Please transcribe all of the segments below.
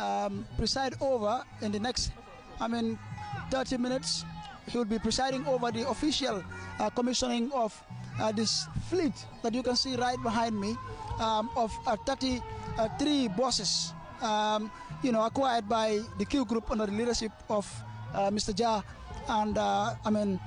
um, preside over in the next, I mean, 30 minutes. He will be presiding over the official uh, commissioning of uh, this fleet that you can see right behind me um, of uh, 33 uh, buses, um, you know, acquired by the Q Group under the leadership of uh, Mr. Jha and, uh, I mean,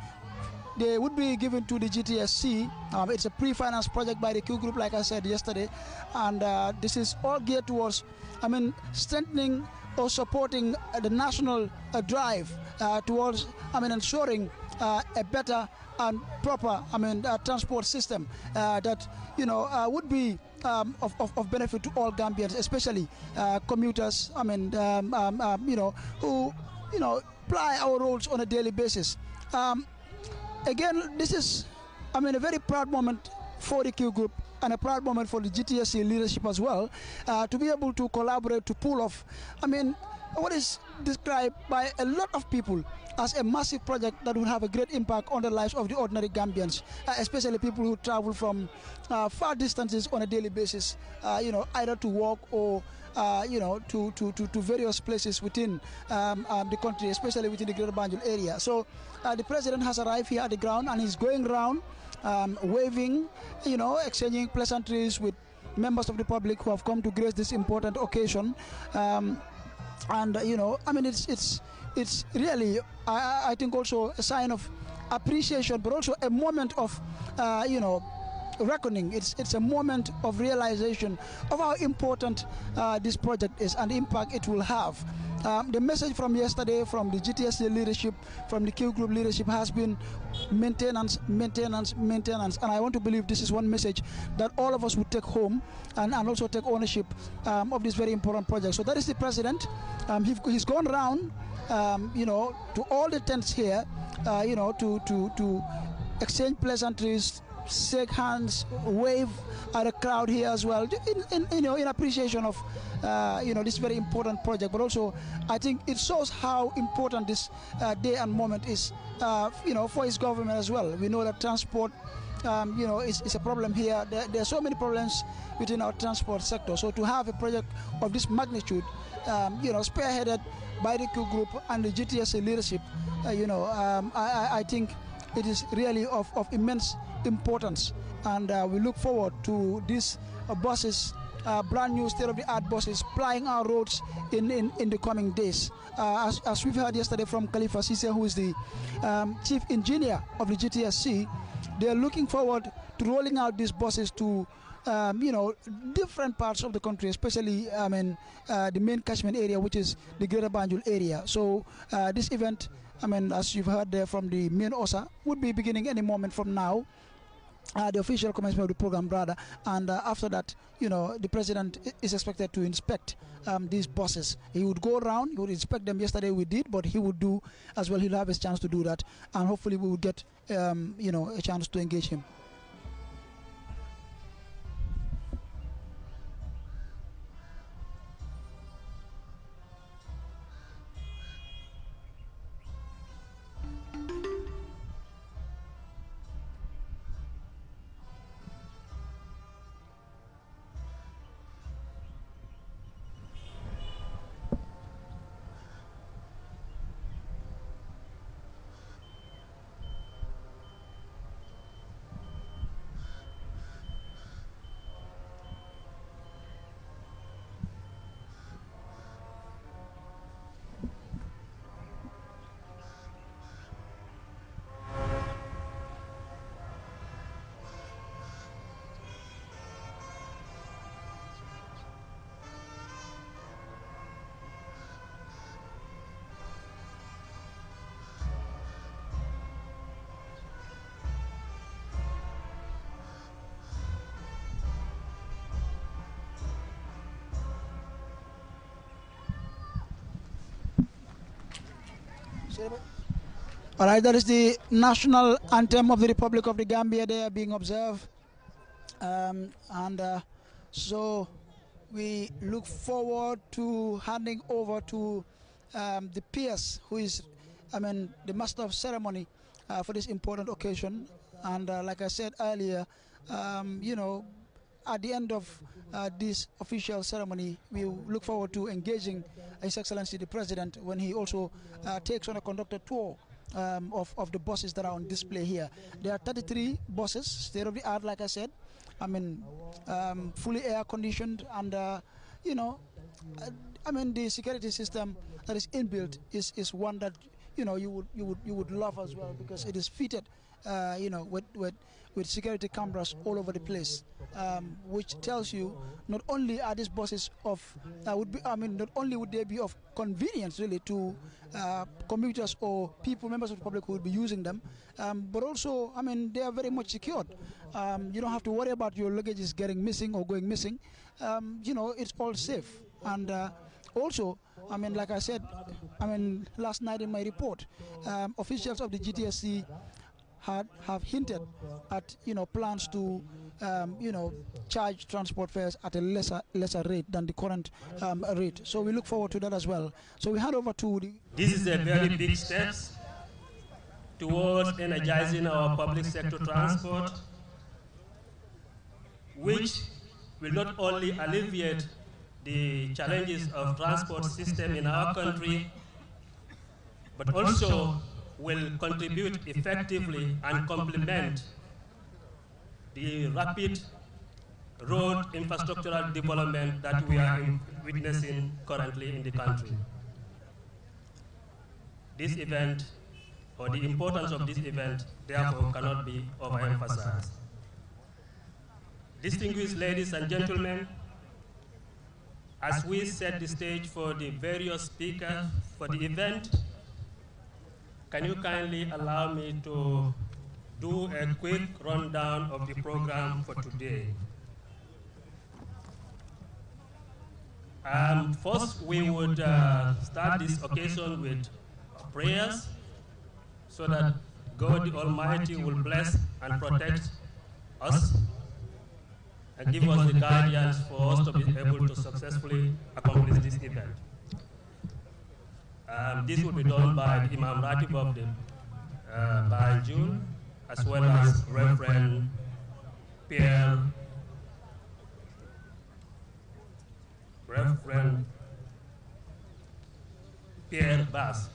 they would be given to the GTSC. Um, it's a pre-finance project by the Q Group, like I said yesterday, and uh, this is all geared towards, I mean, strengthening or supporting uh, the national uh, drive uh, towards, I mean, ensuring uh, a better and proper, I mean, uh, transport system that you know would be. Um, of, of, of, benefit to all Gambians, especially commuters. I mean, um, um, um, you know, who you know ply our roads on a daily basis. Um, Again, this is, I mean, a very proud moment for the Q Group and a proud moment for the GTSC leadership as well uh, to be able to collaborate to pull off. I mean, what is described by a lot of people as a massive project that will have a great impact on the lives of the ordinary Gambians, uh, especially people who travel from uh, far distances on a daily basis, uh, you know, either to work or uh, you know, to, to, to, to, various places within um, um, the country, especially within the Greater Banjul area. So uh, the president has arrived here at the ground and he's going around um, waving, you know, exchanging pleasantries with members of the public who have come to grace this important occasion. Um, and, you know, I mean, it's, it's, it's really, I, I think, also a sign of appreciation, but also a moment of, uh, you know, reckoning. It's, it's a moment of realization of how important uh, this project is and the impact it will have. Um, the message from yesterday from the GTS leadership, from the Q Group leadership has been maintenance, maintenance, maintenance. And I want to believe this is one message that all of us would take home and, and also take ownership um, of this very important project. So that is the president. Um, he, he's gone round, um, you know, to all the tents here, uh, you know, to, to, to exchange pleasantries, shake hands, wave at the crowd here as well, in, in you know, in appreciation of, uh, you know, this very important project. But also, I think it shows how important this uh, day and moment is, uh, you know, for his government as well. We know that transport, um, you know, is, is, a problem here. There, there, are so many problems within our transport sector. So to have a project of this magnitude, um, you know, spearheaded by the Q Group and the GTSA leadership, uh, you know, um, I, I, I think it is really of, of immense importance. And uh, we look forward to these uh, buses, uh, brand new state-of-the-art buses, plying our roads in, in, in the coming days. Uh, as, as we've heard yesterday from Khalifa Sise, who is the um, chief engineer of the GTSC, they're looking forward to rolling out these buses to um, you know, different parts of the country, especially I mean uh, the main catchment area, which is the Greater Banjul area. So uh, this event I mean, as you've heard there from the main OSA, would be beginning any moment from now. Uh, the official commencement of the program, rather, and uh, after that, you know, the president is expected to inspect um, these buses. He would go around, he would inspect them. Yesterday we did, but he would do as well. He'll have his chance to do that, and hopefully we will get, um, you know, a chance to engage him. All right, that is the national anthem of the Republic of the Gambia there being observed. Um, and uh, so we look forward to handing over to um, the peers, who is, I mean, the master of ceremony uh, for this important occasion. And uh, like I said earlier, um, you know, at the end of uh, this official ceremony, we look forward to engaging His Excellency the President when he also uh, takes on a conductor tour um, of, of the buses that are on display here. There are 33 buses, state of the art, like I said. I mean, um, fully air conditioned, and uh, you know, uh, I mean, the security system that is inbuilt is, is one that you know you would you would you would love as well because it is fitted uh, you know, with, with, with security cameras all over the place, um, which tells you not only are these buses of, uh, would be, I mean, not only would they be of convenience really to uh, commuters or people, members of the public who would be using them, um, but also, I mean, they are very much secured. Um, you don't have to worry about your luggage is getting missing or going missing. Um, you know, it's all safe. And uh, also, I mean, like I said, I mean, last night in my report, um, officials of the GTSC had have hinted at you know plans to um, you know charge transport fares at a lesser lesser rate than the current um, rate. So we look forward to that as well. So we hand over to the. This is a very big step towards energizing our public sector transport, which will not only alleviate the challenges of transport system in our country, but also will contribute effectively and complement the rapid road infrastructural development that we are witnessing currently in the country. This event, or the importance of this event, therefore cannot be overemphasized. Distinguished ladies and gentlemen, as we set the stage for the various speakers for the event, can you kindly allow me to do a quick rundown of the program for today? Um, first, we would uh, start this occasion with prayers so that God the Almighty will bless and protect us and give us the guidance for us to be able to successfully accomplish this event. Um, this will be done by Imam Ratib of the uh, by June, as well as Reverend Pierre, Reverend Pierre Bass.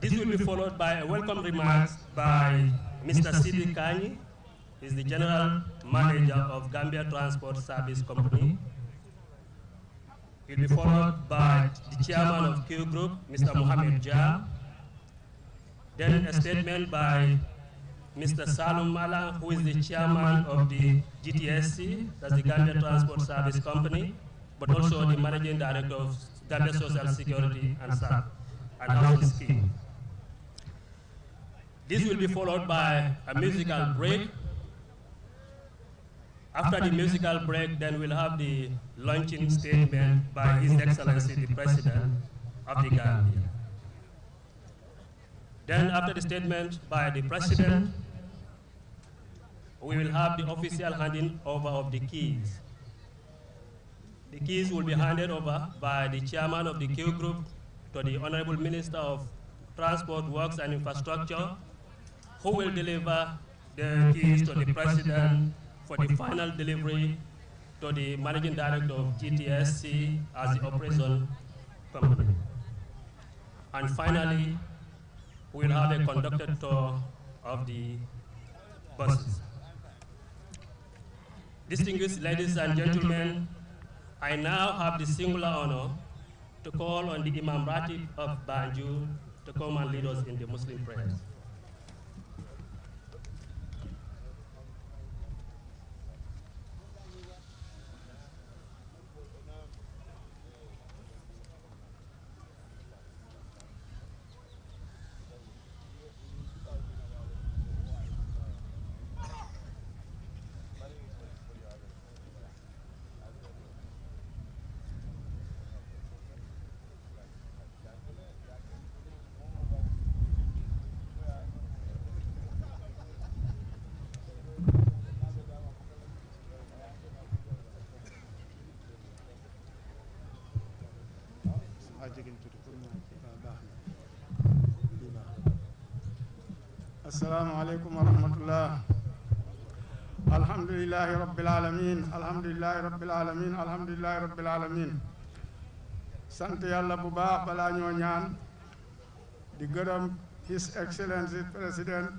This will be followed by a welcome remarks by Mr. Sidi Kanyi, is the General Manager of Gambia Transport Service Company, He'll be followed by the chairman of Q Group, Mr. Mohamed Jah. Then a statement by Mr. Salum Mala, who is the chairman of the GTSC, that's the Gambia Transport Service Company, but also the managing director of Gambia Social Security and SAP and Housing Scheme. This will be followed by a musical break. After the musical break, then we'll have the launching statement by His Excellency the President of the Gambia. Then after the statement by the President, we will have the official handing over of the keys. The keys will be handed over by the chairman of the Q Group to the Honorable Minister of Transport, Works and Infrastructure, who will deliver the keys to the President for the final delivery to the managing director of GTSC as the operational company. And finally, we'll have a conducted tour of the buses. Distinguished ladies and gentlemen, I now have the singular honor to call on the Imam Ratib of Banjul to come and lead us in the Muslim prayers. السلام عليكم ورحمة الله الحمد لله رب العالمين الحمد لله رب العالمين الحمد لله رب العالمين سنت yàlla bu بلا balaa ñoo ñaan his excellency President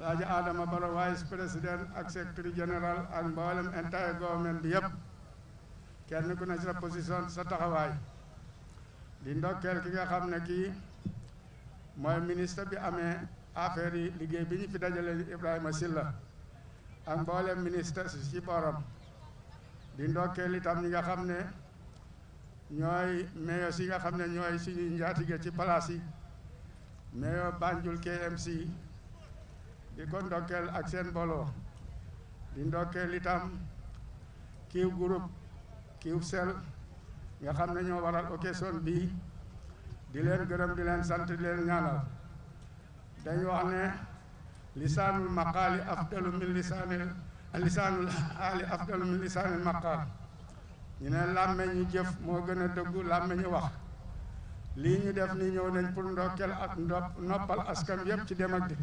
Raja Adam Barrow vice President ak secretary General ak mboolem entire government bi yëpp kenn ku ne sa position sa taxawaay di ndokkeel ki nga xam ne kii ministre bi amee affaire yi liggéey bi ñu fi dajale Ibrahima Silla ak mboolem ministre ci borom di ndokkeel itam ñi nga xam ne ñooy meyo si nga xam ne ñooy suñuy njaatige ci place yi meyo Banjul KMC di ko ndokkeel ak seen di ndokkeel itam kiiw groupe kiiw sel nga xam ne ñoo waral occasion bii di leen gërëm di leen sant di leen ñaanal dañu wax ne lisaanul maqaali afdalu min lisaanil lisaanul xaali afdalu min lisaanil maqaal ñu ne làmmeñu jëf moo gën a dëggu làmmeñu wax lii ñu def ni ñëw nañ pour ndokkeel ak noppal askan yépp ci dem ak dikk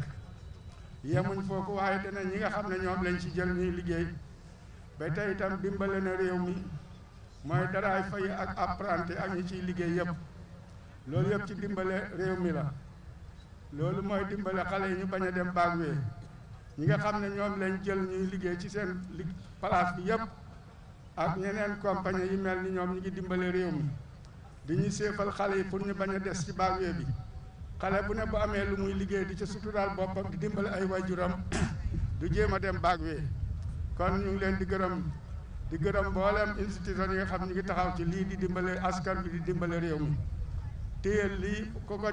yemuñ foofu waaye dana ñi nga xam ne ñoom lañ ci jël ñuy liggéey ba tey itam dimbale na réew mi mooy daraay fay ak apprenti ak ñu ciy liggéey yépp loolu yépp ci dimbale réew mi la loolu mooy dimbale xale yi ñu bañ a dem baag wee ñi nga xam ne ñoom lañ jël ñuy liggéey ci seen li place bi yépp ak ñeneen compagnie yi mel ni ñoom ñu ngi dimbale réew mi di ñuy séefal xale yi pour ñu bañ a des ci baag wee bi xale bu ne bu amee lu muy liggéey di ci suturaal boppam di dimbale ay wajuram du jéem a dem baag wee kon ñu ngi leen di gërëm di gërëm mboolem institution yi nga xam ñu ngi taxaw ci lii di dimbale askan bi di dimbale réew mi téyel lii ku ko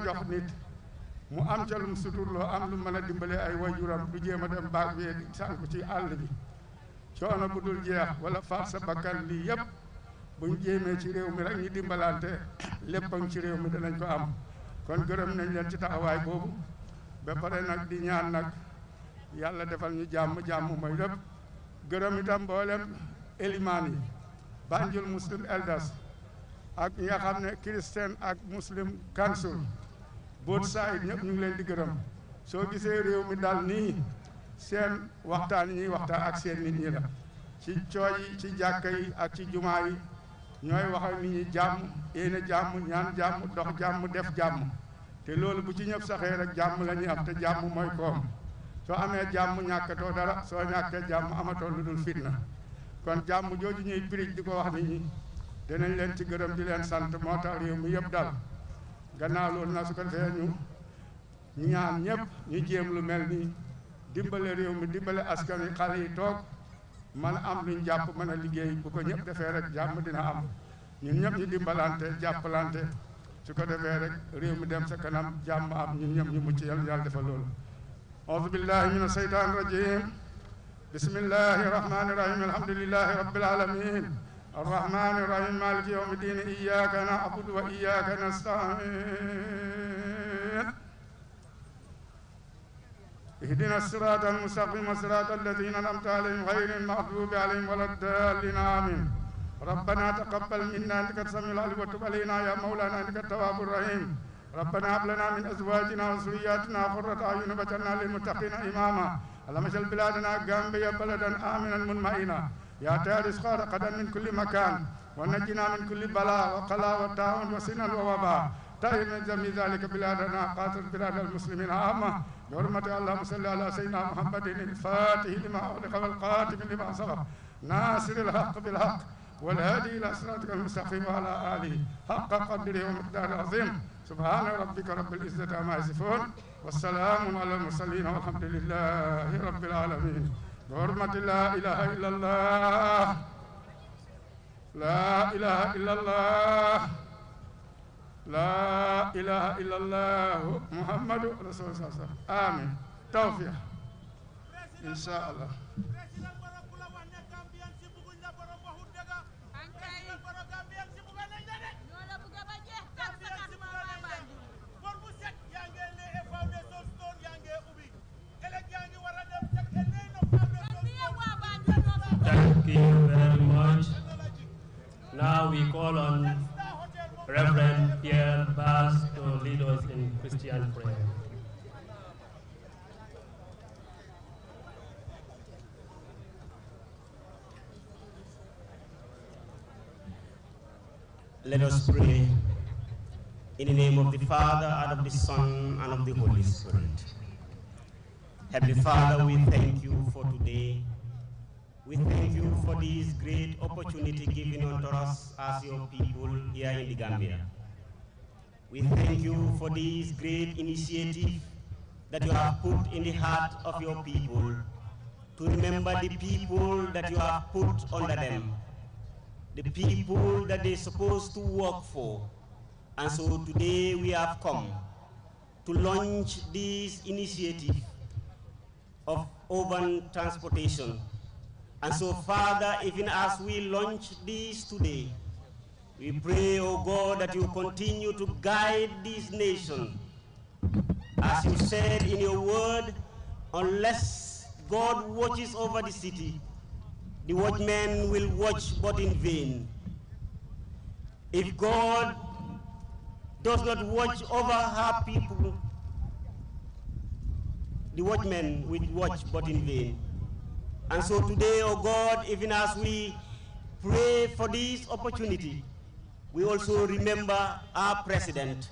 mu am ca lum suturloo am lu mën a dimbalee ay wajuram du jéem a dem baag bee di sànku ci àll bi coono bu dul jeex wala faat sa bakkan lii yëpp buñ jéemee ci réew mi rek ñu dimbalante léppam ci réew mi danañ ko am kon gërëm nañ leen ci taxawaay boobu ba pare nag di ñaan nag yàlla defal ñu jàmm jàmm mooy lépp gërëm itam mboolem élimaan yi Banjul Muslim Elders ak ñi nga xam ne Christian ak Muslim Council both side ñëpp ñu ngi leen di gërëm soo gisee réew mi dal nii seen waxtaan yi waxtaan ak seen nit ñi la ci cooy yi ci jàkka yi ak ci jumaa yi ñooy wax nit ñi jàmm yéene jàmm ñaan jàmm dox jàmm def jàmm te loolu bu ci ñëpp saxee rek jàmm la ñuy am te jàmm mooy koom soo amee jàmm ñàkkatoo dara soo ñàkkee jàmm amatoo lu dul fitna kon jàmm jooju ñuy prij di ko wax nit ñi danañ leen ci gërëm di leen sant moo tax réew mi yëpp dal ganna loolu na su ko defee ñu ñaan ñep ñu jëm lu mel ni réew mi dimbalé askan yi xal yi tok man am lu japp man liggéey bu ko ñep défé rek jàmm dina am ñun ñep ñu dimbalanté jappalanté su ko défé rek réew mi dem sa kanam jamm am ñun ñep ñu mucc yàlla yàlla défa lool أعوذ بالله من الشيطان الرجيم بسم الله الرحمن الرحيم الحمد لله رب العالمين الرحمن الرحيم مالك يوم الدين إياك نعبد وإياك نستعين اهدنا الصراط المستقيم صراط الذين أنعمت عليهم غير المغضوب عليهم ولا الضالين آمين ربنا تقبل منا انك السميع العليم وتب علينا يا مولانا انك التواب الرحيم ربنا هب لنا من ازواجنا وذرياتنا قرة اعين واجعلنا للمتقين اماما اللهم اجعل بلادنا غامبيا بلدا امنا مطمئنا يا تارس قدم من كل مكان ونجنا من كل بلاء وقلاء وتعاون وسنن ووباء طيب من جميع ذلك بلادنا قاتل بلاد المسلمين عامة بحرمة اللهم صل على سيدنا محمد الفاتح لما أغلق والقاتل لما صبر ناصر الحق بالحق والهادي إلى صراطك المستقيم وعلى آله حق قدره ومقدار العظيم سبحان ربك رب العزة عما يصفون والسلام على المرسلين والحمد لله رب العالمين بحرمة لا إله إلا الله لا إله إلا الله لا إله إلا الله محمد رسول الله آمين توفيق إن شاء الله you very much. Now we call on Reverend Pierre Bass to lead us in Christian prayer. Let us pray in the name of the Father, and of the Son, and of the Holy Spirit. Heavenly Father, we thank you for today we thank you for this great opportunity given unto us as your people here in the Gambia. We thank you for this great initiative that you have put in the heart of your people to remember the people that you have put under them, the people that they're supposed to work for. And so today we have come to launch this initiative of urban transportation and so, Father, even as we launch this today, we pray, O oh God, that you continue to guide this nation. As you said in your word, unless God watches over the city, the watchmen will watch but in vain. If God does not watch over her people, the watchmen will watch but in vain. And so today, O oh God, even as we pray for this opportunity, we also remember our president,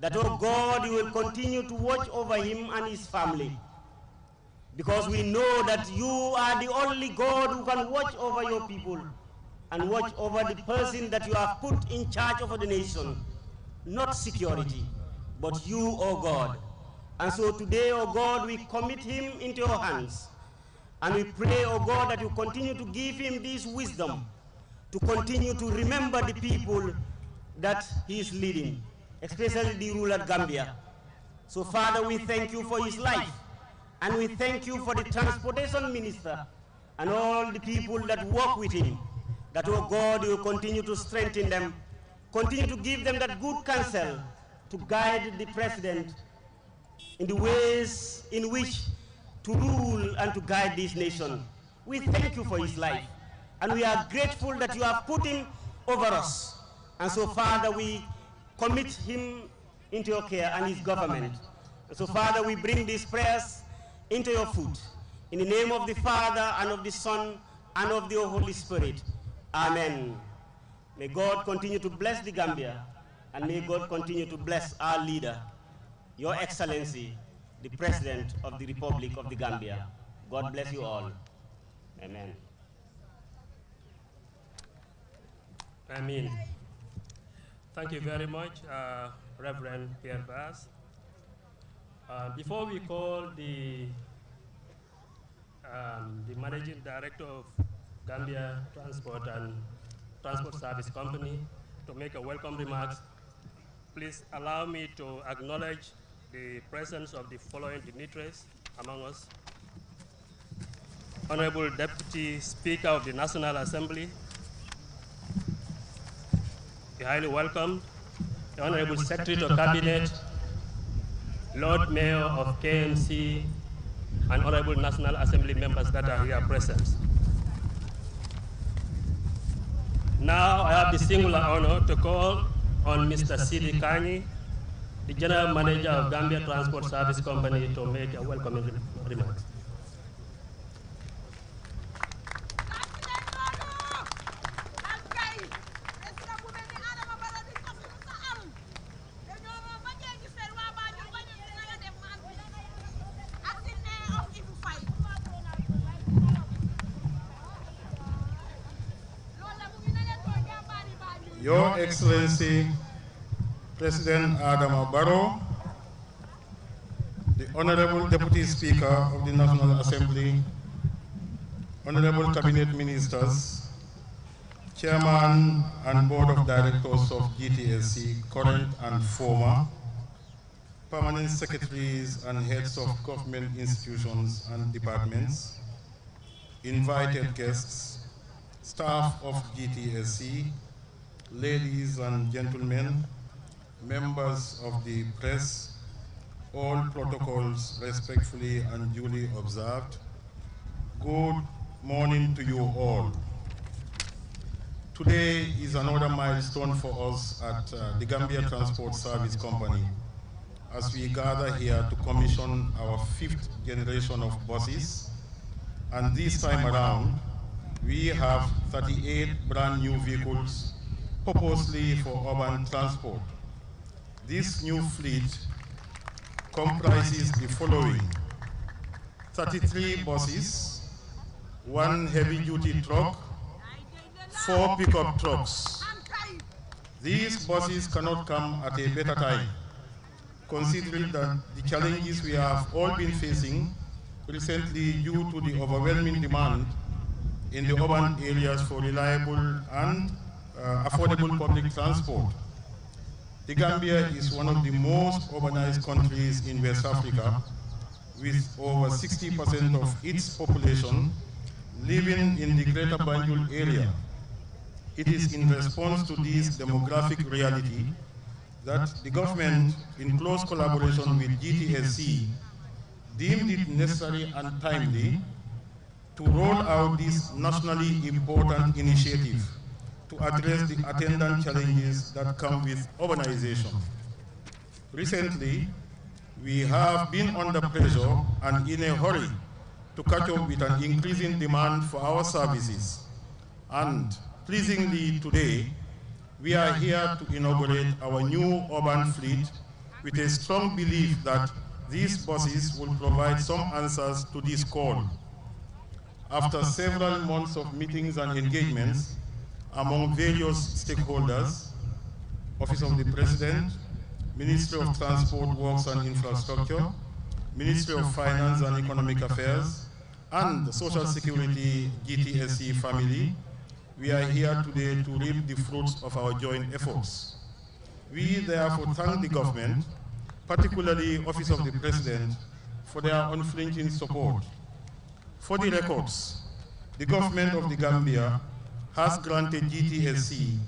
that, O oh God, you will continue to watch over him and his family. Because we know that you are the only God who can watch over your people and watch over the person that you have put in charge of the nation. Not security, but you, O oh God. And so today, O oh God, we commit him into your hands. And we pray, O oh God, that you continue to give him this wisdom to continue to remember the people that he is leading, especially the ruler Gambia. So, Father, we thank you for his life. And we thank you for the transportation minister and all the people that work with him. That, O oh God, you continue to strengthen them, continue to give them that good counsel to guide the president in the ways in which to rule and to guide this nation. We thank you for his life, and we are grateful that you have put him over us. And so, Father, we commit him into your care and his government. And so, Father, we bring these prayers into your foot. In the name of the Father, and of the Son, and of the Holy Spirit. Amen. May God continue to bless the Gambia, and may God continue to bless our leader, Your Excellency, the President of the Republic of the Gambia. God bless you all. Amen. Amen. Thank you very much, uh, Reverend Pierre Bass. Uh, before we call the, um, the Managing Director of Gambia Transport and Transport Service Company to make a welcome remarks, please allow me to acknowledge the presence of the following dignitaries among us. Honorable Deputy Speaker of the National Assembly, be highly welcomed. The Honorable Secretary of Cabinet, Lord Mayor of KMC, and Honorable National Assembly members that are here present. Now I have the singular honor to call on Mr. Sidi Kani, the General Manager of Gambia Transport Service Company, to make a welcoming remark. Your Excellency, President Adam Barrow, the Honorable Deputy Speaker of the National Assembly, Honorable Cabinet Ministers, Chairman and Board of Directors of GTSC, current and former, permanent secretaries and heads of government institutions and departments, invited guests, staff of GTSC, ladies and gentlemen, members of the press, all protocols respectfully and duly observed. Good morning to you all. Today is another milestone for us at uh, the Gambia Transport Service Company as we gather here to commission our fifth generation of buses. And this time around, we have 38 brand new vehicles purposely for urban transport. This new fleet comprises the following 33 buses, one heavy duty truck, four pickup trucks. These buses cannot come at a better time, considering that the challenges we have all been facing recently due to the overwhelming demand in the urban areas for reliable and uh, affordable public transport. The Gambia is one of the most urbanized countries in West Africa, with over 60% of its population living in the Greater Banjul area. It is in response to this demographic reality that the government, in close collaboration with GTSC, deemed it necessary and timely to roll out this nationally important initiative to address the attendant challenges that come with urbanization. Recently, we have been under pressure and in a hurry to catch up with an increasing demand for our services. And pleasingly today, we are here to inaugurate our new urban fleet with a strong belief that these buses will provide some answers to this call. After several months of meetings and engagements, among various stakeholders, Office of the President, Ministry of Transport, Works and Infrastructure, Ministry of Finance and Economic Affairs, and Social Security (GTSE) family, we are here today to reap the fruits of our joint efforts. We therefore thank the government, particularly Office of the President, for their unflinching support. For the records, the government of the Gambia has granted GTSC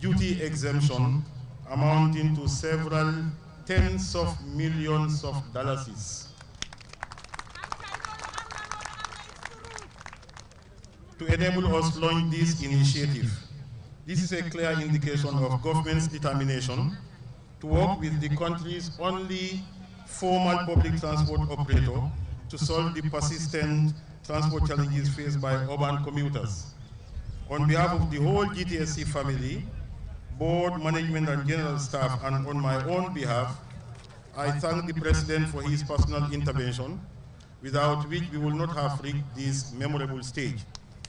duty exemption amounting to several tens of millions of dollars. to enable us launch this initiative. This is a clear indication of government's determination to work with the country's only formal public transport operator to solve the persistent transport challenges faced by urban commuters. On behalf of the whole GTSC family, board, management, and general staff, and on my own behalf, I thank the President for his personal intervention, without which we will not have reached this memorable stage.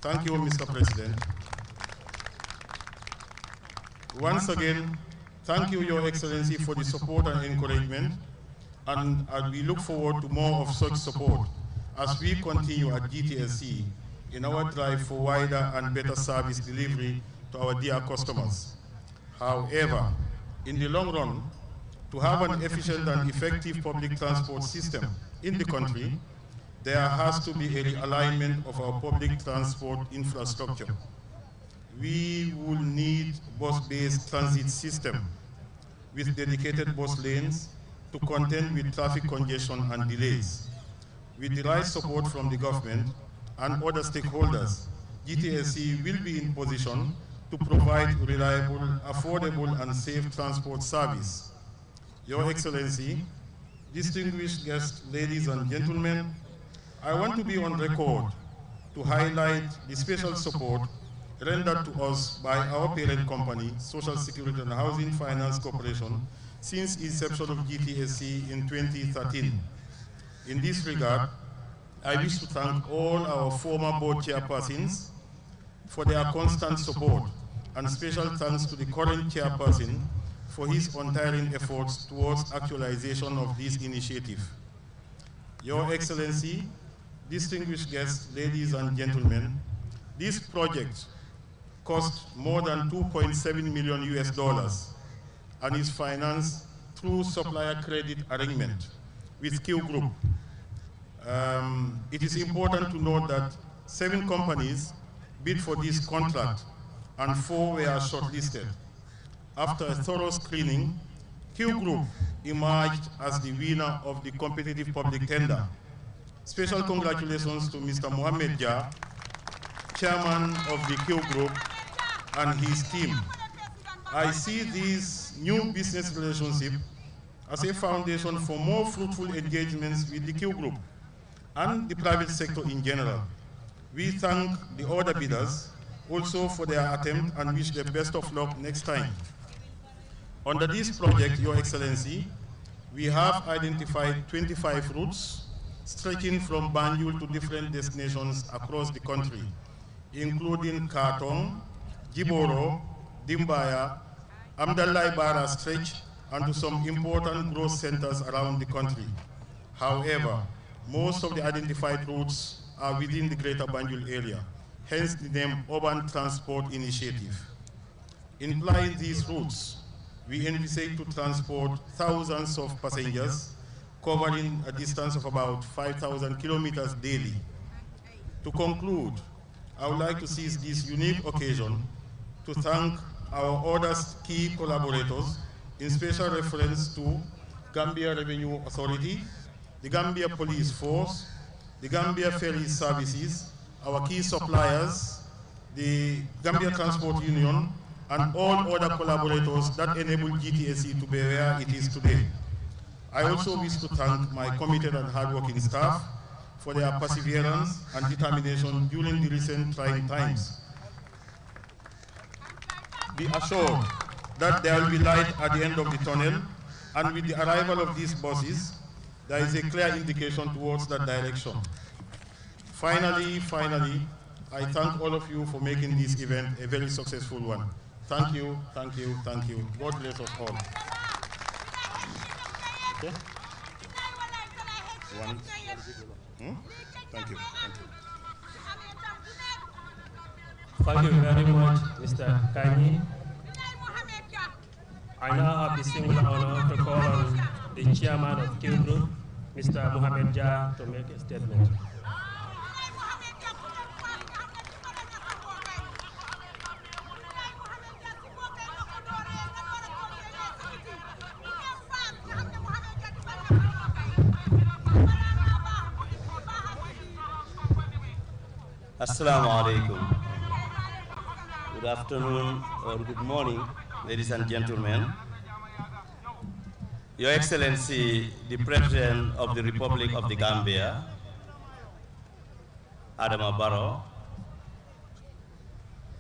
Thank you, Mr. President. Once again, thank you, Your Excellency, for the support and encouragement, and, and we look forward to more of such support as we continue at GTSC in our drive for wider and better service delivery to our dear customers. However, in the long run, to have an efficient and effective public transport system in the country, there has to be a realignment of our public transport infrastructure. We will need bus-based transit system with dedicated bus lanes to contend with traffic congestion and delays. With the right support from the government, and other stakeholders, GTSC will be in position to provide reliable, affordable, and safe transport service. Your Excellency, distinguished guests, ladies and gentlemen, I want to be on record to highlight the special support rendered to us by our parent company, Social Security and Housing Finance Corporation, since inception of GTSC in 2013. In this regard, I wish to thank all our former board chairpersons for their constant support, and special thanks to the current chairperson for his untiring efforts towards actualization of this initiative. Your Excellency, distinguished guests, ladies and gentlemen, this project cost more than 2.7 million US dollars and is financed through supplier credit arrangement with Q Group, um, it is important to note that seven companies bid for this contract and four were shortlisted. After a thorough screening, Q Group emerged as the winner of the competitive public tender. Special congratulations to Mr. Mohamed Jah, chairman of the Q Group and his team. I see this new business relationship as a foundation for more fruitful engagements with the Q Group and the private sector in general. We thank the other bidders also for their attempt and wish them best of luck next time. Under this project, Your Excellency, we have identified 25 routes stretching from Banjul to different destinations across the country, including Katong, Jiboro, Dimbaya, Amdalai Bara stretch, and to some important growth centers around the country. However, most of the identified routes are within the Greater Banjul area, hence the name Urban Transport Initiative. In plying these routes, we envisage to transport thousands of passengers covering a distance of about 5,000 kilometers daily. To conclude, I would like to seize this unique occasion to thank our other key collaborators, in special reference to Gambia Revenue Authority, the Gambia Police Force, the Gambia Ferry Services, our key suppliers, the Gambia Transport Union, and all other collaborators that enable GTSE to be where it is today. I also wish to thank my committed and hardworking staff for their perseverance and determination during the recent trying times. Be assured that there will be light at the end of the tunnel, and with the arrival of these buses, there is a clear indication towards that direction. Finally, finally, I thank all of you for making this event a very successful one. Thank you, thank you, thank you. God bless us all. Okay. One. Hmm? Thank you. Thank you. Thank you very much, Mr. Kanyi. I now have the singular honor to call on the chairman of Q Group, Mr. Muhammad Jah to make a statement. Assalamu alaikum. Good afternoon or good morning, ladies and gentlemen. Your Excellency, the President of the Republic of the Gambia, Adama Barrow,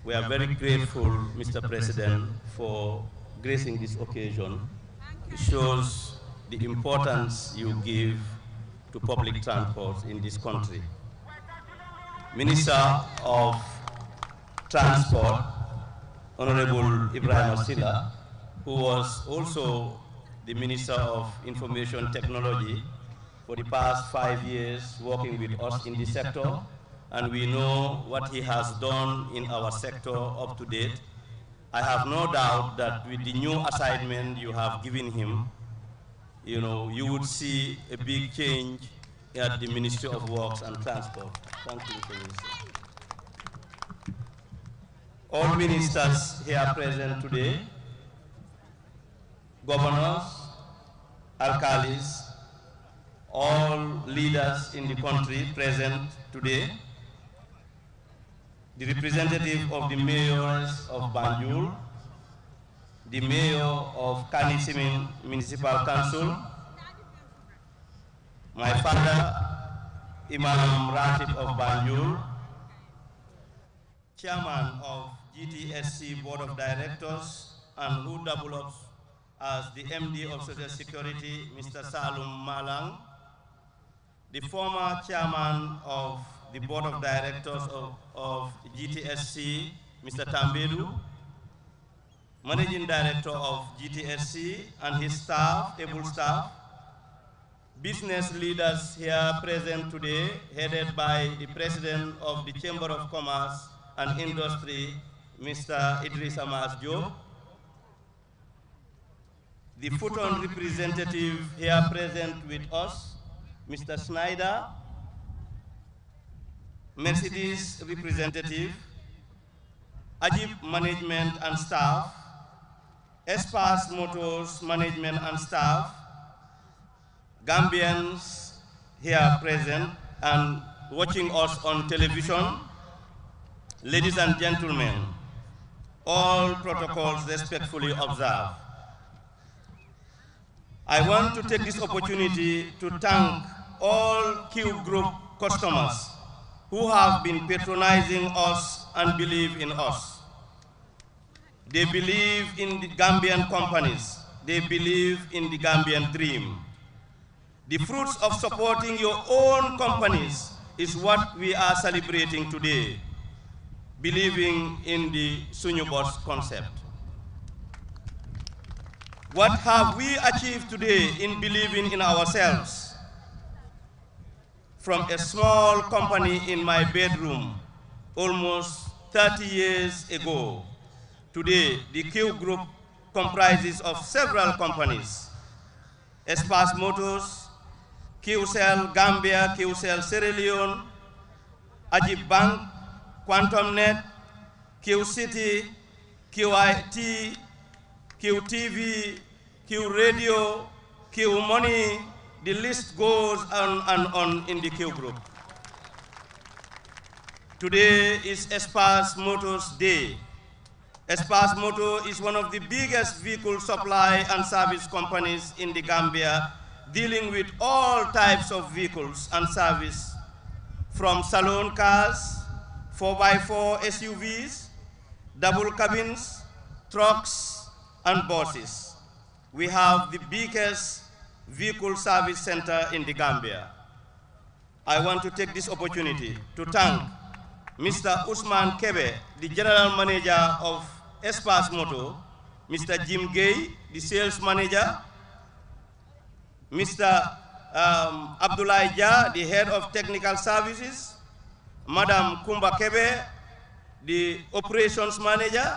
we are very grateful, Mr. President, for gracing this occasion. It shows the importance you give to public transport in this country. Minister of Transport, Honorable Ibrahim Asila, who was also the Minister of Information Technology for the past five years working with us in the sector, and we know what he has done in our sector up to date. I have no doubt that with the new assignment you have given him, you know, you would see a big change at the Ministry of Works and Transport. Thank you, Mr. Minister. All ministers here present today governors, alcalis, all leaders in the country present today, the representative of the mayors of Banjul, the mayor of Kanisimin Municipal Council, my father, Imam Ratib of Banjul, chairman of GTSC Board of Directors and who develops as the MD of Social Security, Mr. Salum Malang, the former chairman of the board of directors of, of GTSC, Mr. Tambedu, managing director of GTSC and his staff, able staff, business leaders here present today, headed by the president of the Chamber of Commerce and Industry, Mr. Idris Amas the Futon representative here present with us, Mr. Snyder, Mercedes representative, Ajib management and staff, Espas Motors management and staff, Gambians here present and watching us on television, ladies and gentlemen, all protocols respectfully observed. I want to take this opportunity to thank all Q Group customers who have been patronizing us and believe in us. They believe in the Gambian companies. They believe in the Gambian dream. The fruits of supporting your own companies is what we are celebrating today, believing in the Sunyubos concept. What have we achieved today in believing in ourselves? From a small company in my bedroom almost 30 years ago, today the Q Group comprises of several companies, Espas Motors, QCell Gambia, QCell Sierra Leone, Ajib Bank, QuantumNet, QCity, QIT, QTV, QRadio, Radio, Money, the list goes on and on in the Q group. Today is Espas Motors Day. Espas Motor is one of the biggest vehicle supply and service companies in the Gambia, dealing with all types of vehicles and service, from saloon cars, 4x4 SUVs, double cabins, trucks, and buses. We have the biggest vehicle service center in the Gambia. I want to take this opportunity to thank Mr. Usman Kebe, the general manager of Espas Moto, Mr. Jim Gay, the sales manager, Mr. Um, Abdullah Ja, the head of technical services, Madam Kumba Kebe, the operations manager,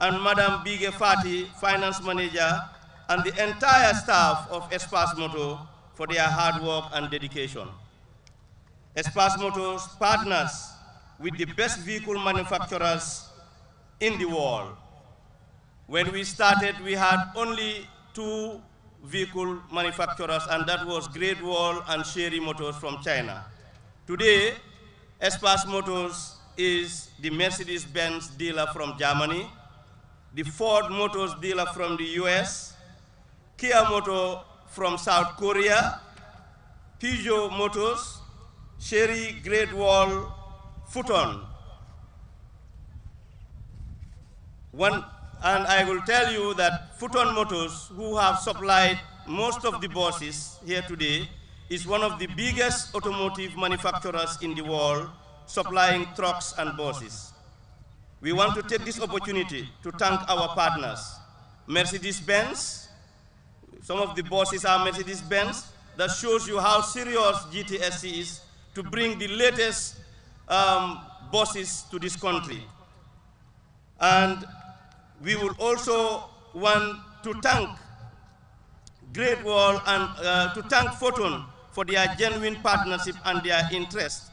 and Madam Bige Fati, Finance Manager, and the entire staff of Espas Moto for their hard work and dedication. Espas Motors partners with the best vehicle manufacturers in the world. When we started, we had only two vehicle manufacturers, and that was Great Wall and Sherry Motors from China. Today, Espas Motors is the Mercedes-Benz dealer from Germany, the Ford Motors dealer from the US, Kia Motor from South Korea, Peugeot Motors, Sherry Great Wall, Futon. One, and I will tell you that Futon Motors, who have supplied most of the buses here today, is one of the biggest automotive manufacturers in the world, supplying trucks and buses. We want to take this opportunity to thank our partners, Mercedes-Benz, some of the bosses are Mercedes-Benz, that shows you how serious GTSC is to bring the latest um, bosses to this country. And we will also want to thank Great Wall and uh, to thank Photon for their genuine partnership and their interest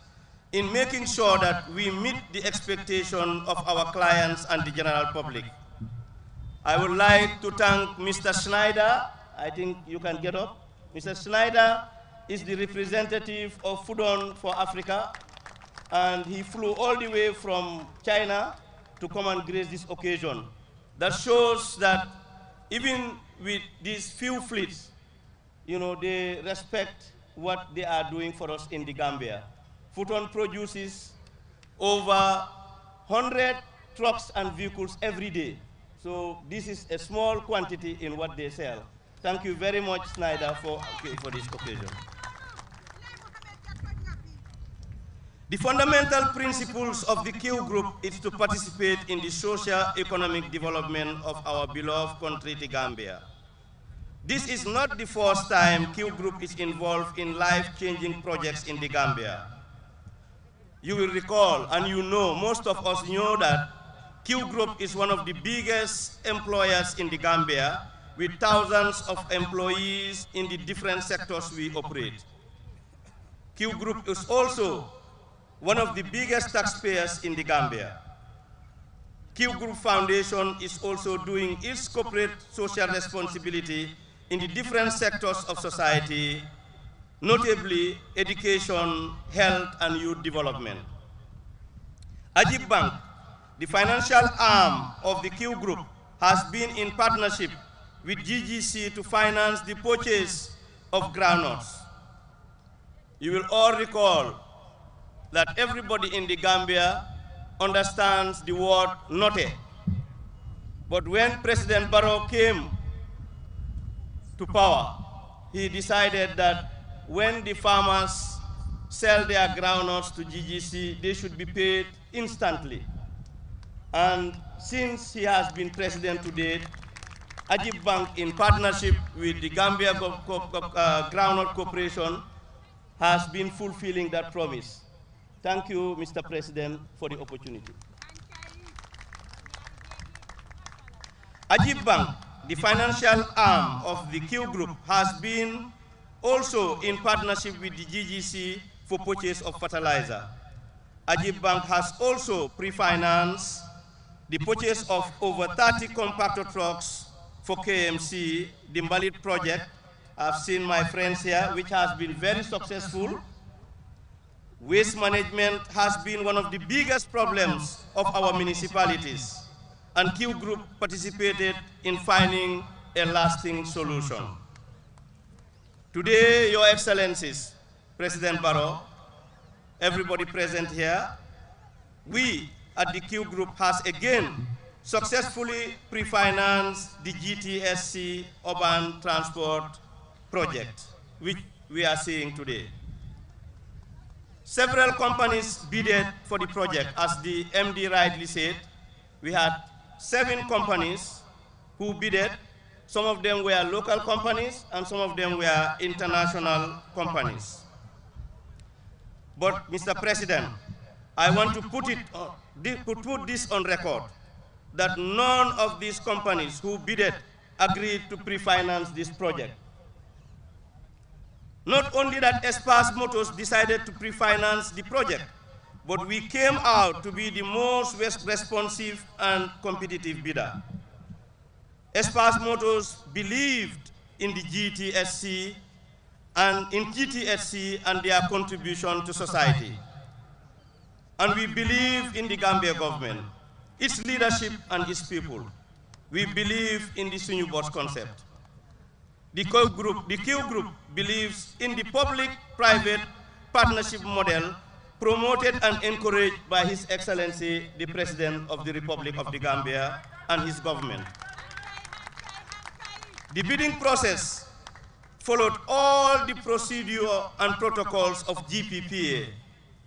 in making sure that we meet the expectation of our clients and the general public. I would like to thank Mr. Schneider. I think you can get up. Mr. Schneider is the representative of Fudon for Africa, and he flew all the way from China to come and grace this occasion. That shows that even with these few fleets, you know, they respect what they are doing for us in the Gambia. Futon produces over 100 trucks and vehicles every day. So this is a small quantity in what they sell. Thank you very much, Snyder, for, okay, for this occasion. The fundamental principles of the Q Group is to participate in the socio-economic development of our beloved country, the Gambia. This is not the first time Q Group is involved in life-changing projects in the Gambia you will recall and you know, most of us know that Q Group is one of the biggest employers in the Gambia with thousands of employees in the different sectors we operate. Q Group is also one of the biggest taxpayers in the Gambia. Q Group Foundation is also doing its corporate social responsibility in the different sectors of society notably education, health, and youth development. Ajib Bank, the financial arm of the Q Group, has been in partnership with GGC to finance the purchase of groundnuts. You will all recall that everybody in the Gambia understands the word note. But when President Barrow came to power, he decided that when the farmers sell their groundnuts to GGC, they should be paid instantly. And since he has been president to date, Ajib Bank, in partnership with the Gambia Co Co uh, Groundnut Corporation, has been fulfilling that promise. Thank you, Mr. President, for the opportunity. Ajib Bank, the financial arm of the Q Group, has been also, in partnership with the GGC for purchase of fertilizer, Ajib Bank has also pre-financed the purchase of over 30 compactor trucks for KMC, the Malit project. I've seen my friends here, which has been very successful. Waste management has been one of the biggest problems of our municipalities, and Q Group participated in finding a lasting solution. Today, Your Excellencies, President Barrow, everybody present here, we at the Q Group has again successfully pre-financed the GTSC urban transport project, which we are seeing today. Several companies bidded for the project. As the MD rightly said, we had seven companies who bidded some of them were local companies, and some of them were international companies. But, Mr. President, I want to put, it, uh, put this on record, that none of these companies who bid it agreed to pre-finance this project. Not only that Espas Motors decided to pre-finance the project, but we came out to be the most responsive and competitive bidder. Espace Motors believed in the GTSC and in GTSC and their contribution to society. And we believe in the Gambia government, its leadership and its people. We believe in the Sunubot concept. The Q, group, the Q group believes in the public-private partnership model promoted and encouraged by His Excellency, the President of the Republic of the Gambia and his government. The bidding process followed all the procedure and protocols of GPPA,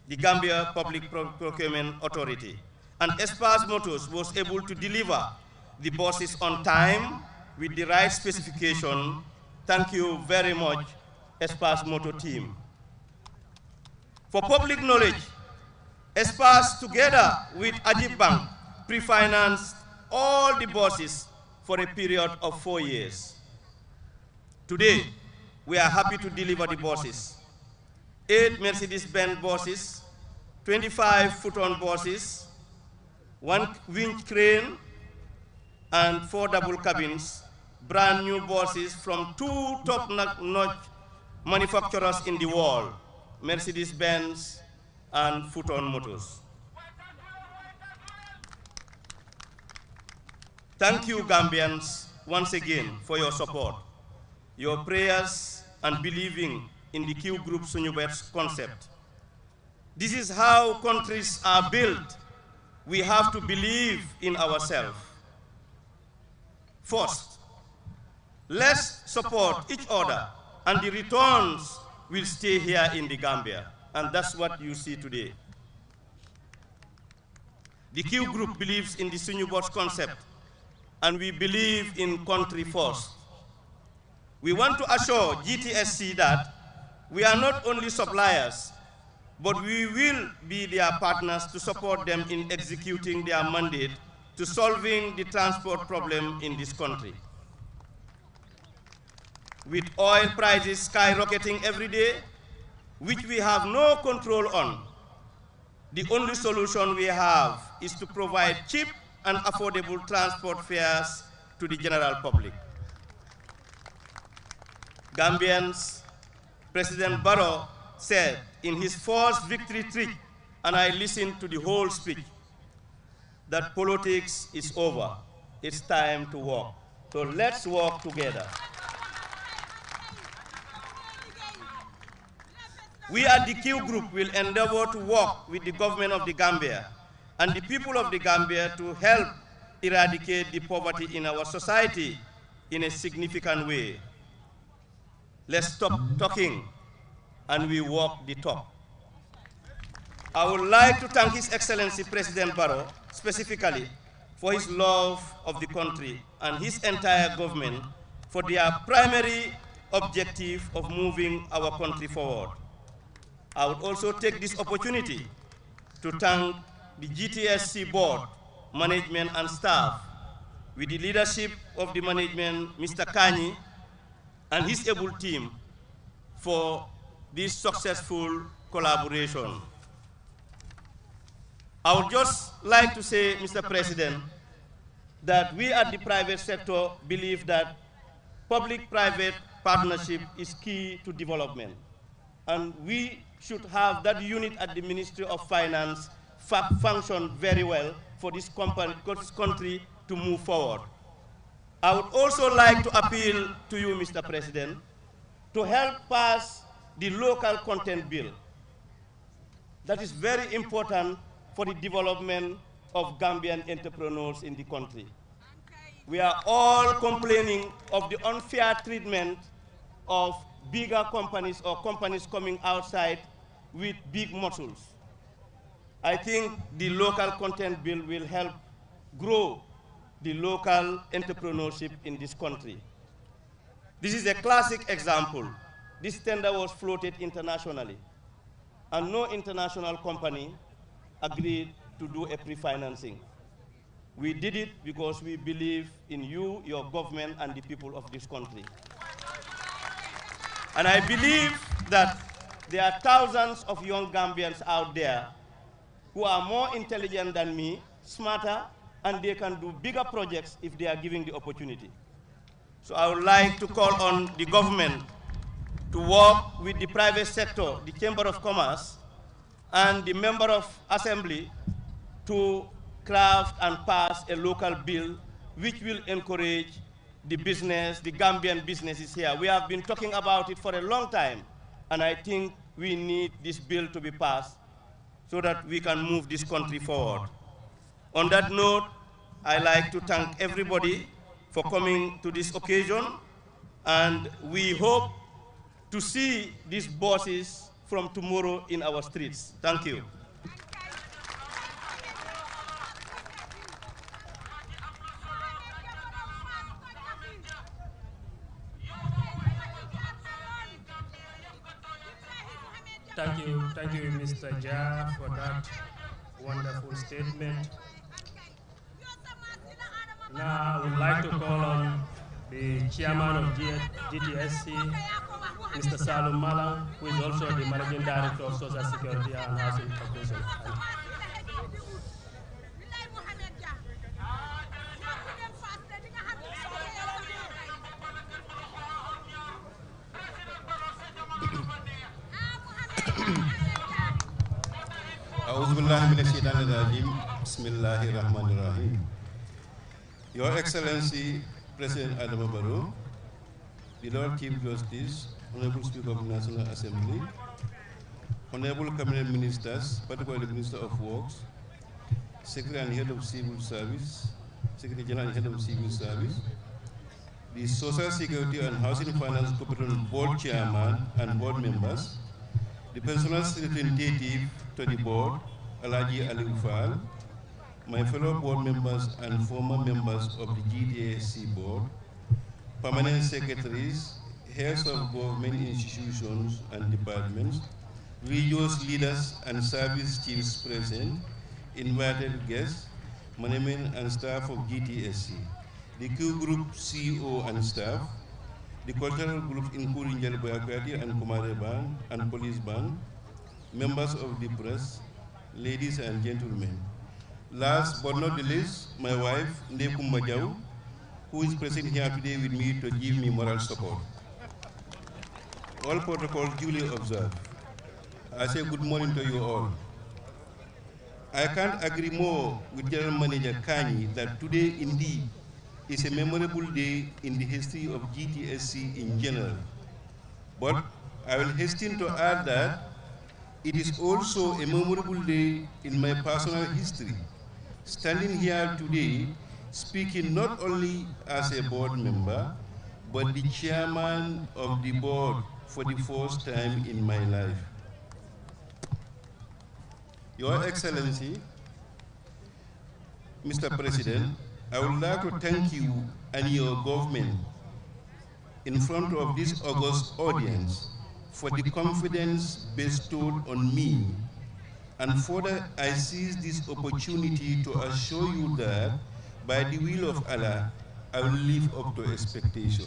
the Gambia Public Procurement Authority, and Espas Motors was able to deliver the buses on time with the right specification. Thank you very much, Espas Motor team. For public knowledge, Espas, together with Ajib Bank, pre-financed all the buses for a period of four years. Today, we are happy to deliver the buses. Eight Mercedes-Benz buses, 25 foot-on buses, one winch crane, and four double cabins, brand new buses from two top-notch manufacturers in the world, Mercedes-Benz and Futon Motors. Thank you, Gambians, once again for your support your prayers and believing in the Q Group Sunyubet concept. This is how countries are built. We have to believe in ourselves. First, let's support each other and the returns will stay here in the Gambia. And that's what you see today. The Q Group believes in the Sunyubot concept and we believe in country first. We want to assure GTSC that we are not only suppliers, but we will be their partners to support them in executing their mandate to solving the transport problem in this country. With oil prices skyrocketing every day, which we have no control on, the only solution we have is to provide cheap and affordable transport fares to the general public. Gambians, President Barrow said in his first victory speech, and I listened to the whole speech, that politics is over. It's time to work. So let's work together. We at the Q Group will endeavor to work with the government of the Gambia and the people of the Gambia to help eradicate the poverty in our society in a significant way. Let's stop talking and we walk the talk. I would like to thank His Excellency President Barrow specifically for his love of the country and his entire government for their primary objective of moving our country forward. I would also take this opportunity to thank the GTSC board, management and staff, with the leadership of the management, Mr. Kani, and his able team for this successful collaboration. I would just like to say, Mr. President, that we at the private sector believe that public-private partnership is key to development. And we should have that unit at the Ministry of Finance function very well for this, company, this country to move forward. I would also like to appeal to you, Mr. President, to help pass the local content bill that is very important for the development of Gambian entrepreneurs in the country. We are all complaining of the unfair treatment of bigger companies or companies coming outside with big muscles. I think the local content bill will help grow the local entrepreneurship in this country. This is a classic example. This tender was floated internationally, and no international company agreed to do a pre-financing. We did it because we believe in you, your government, and the people of this country. And I believe that there are thousands of young Gambians out there who are more intelligent than me, smarter, and they can do bigger projects if they are given the opportunity. So I would like to call on the government to work with the private sector, the Chamber of Commerce, and the Member of Assembly to craft and pass a local bill which will encourage the business, the Gambian businesses here. We have been talking about it for a long time, and I think we need this bill to be passed so that we can move this country forward. On that note, I like to thank everybody for coming to this occasion, and we hope to see these bosses from tomorrow in our streets. Thank you. Thank you, thank you, Mr. Jha, for that wonderful statement. Now I would like to call on the chairman of GTSC, Mr. Salum Malang, who is also the managing director of Social Security and Housing Corporation. أعوذ بالله من الشيطان الرجيم بسم الله الرحمن الرحيم your Excellency President Adama Barrow, the Lord Chief Justice, Honorable Speaker of the National Assembly, Honorable Cabinet Ministers, particularly the Minister of Works, Secretary and Head of Civil Service, Secretary General and Head of Civil Service, the Social Security and Housing Finance Corporation Board Chairman and Board Members, the Personal Secretary to the Board, Alaji Alifal, my fellow board members and former members of the GDAC board, permanent secretaries, heads of government institutions and departments, religious leaders and service chiefs present, invited guests, management and staff of GTSC, the Q Group CEO and staff, the cultural groups including Jaliboyakwati and Kumare Band and Police Band, members of the press, ladies and gentlemen. Last but not the least, my wife, Nekumba Majau, who is present here today with me to give me moral support. All protocols duly observed. I say good morning to you all. I can't agree more with General Manager Kanye that today indeed is a memorable day in the history of GTSC in general. But I will hasten to add that it is also a memorable day in my personal history standing here today speaking not only as a board member, but the chairman of the board for the first time in my life. Your Excellency, Mr. President, I would like to thank you and your government in front of this august audience for the confidence bestowed on me and further, I seize this opportunity to assure you that, by the will of Allah, I will live up to expectation.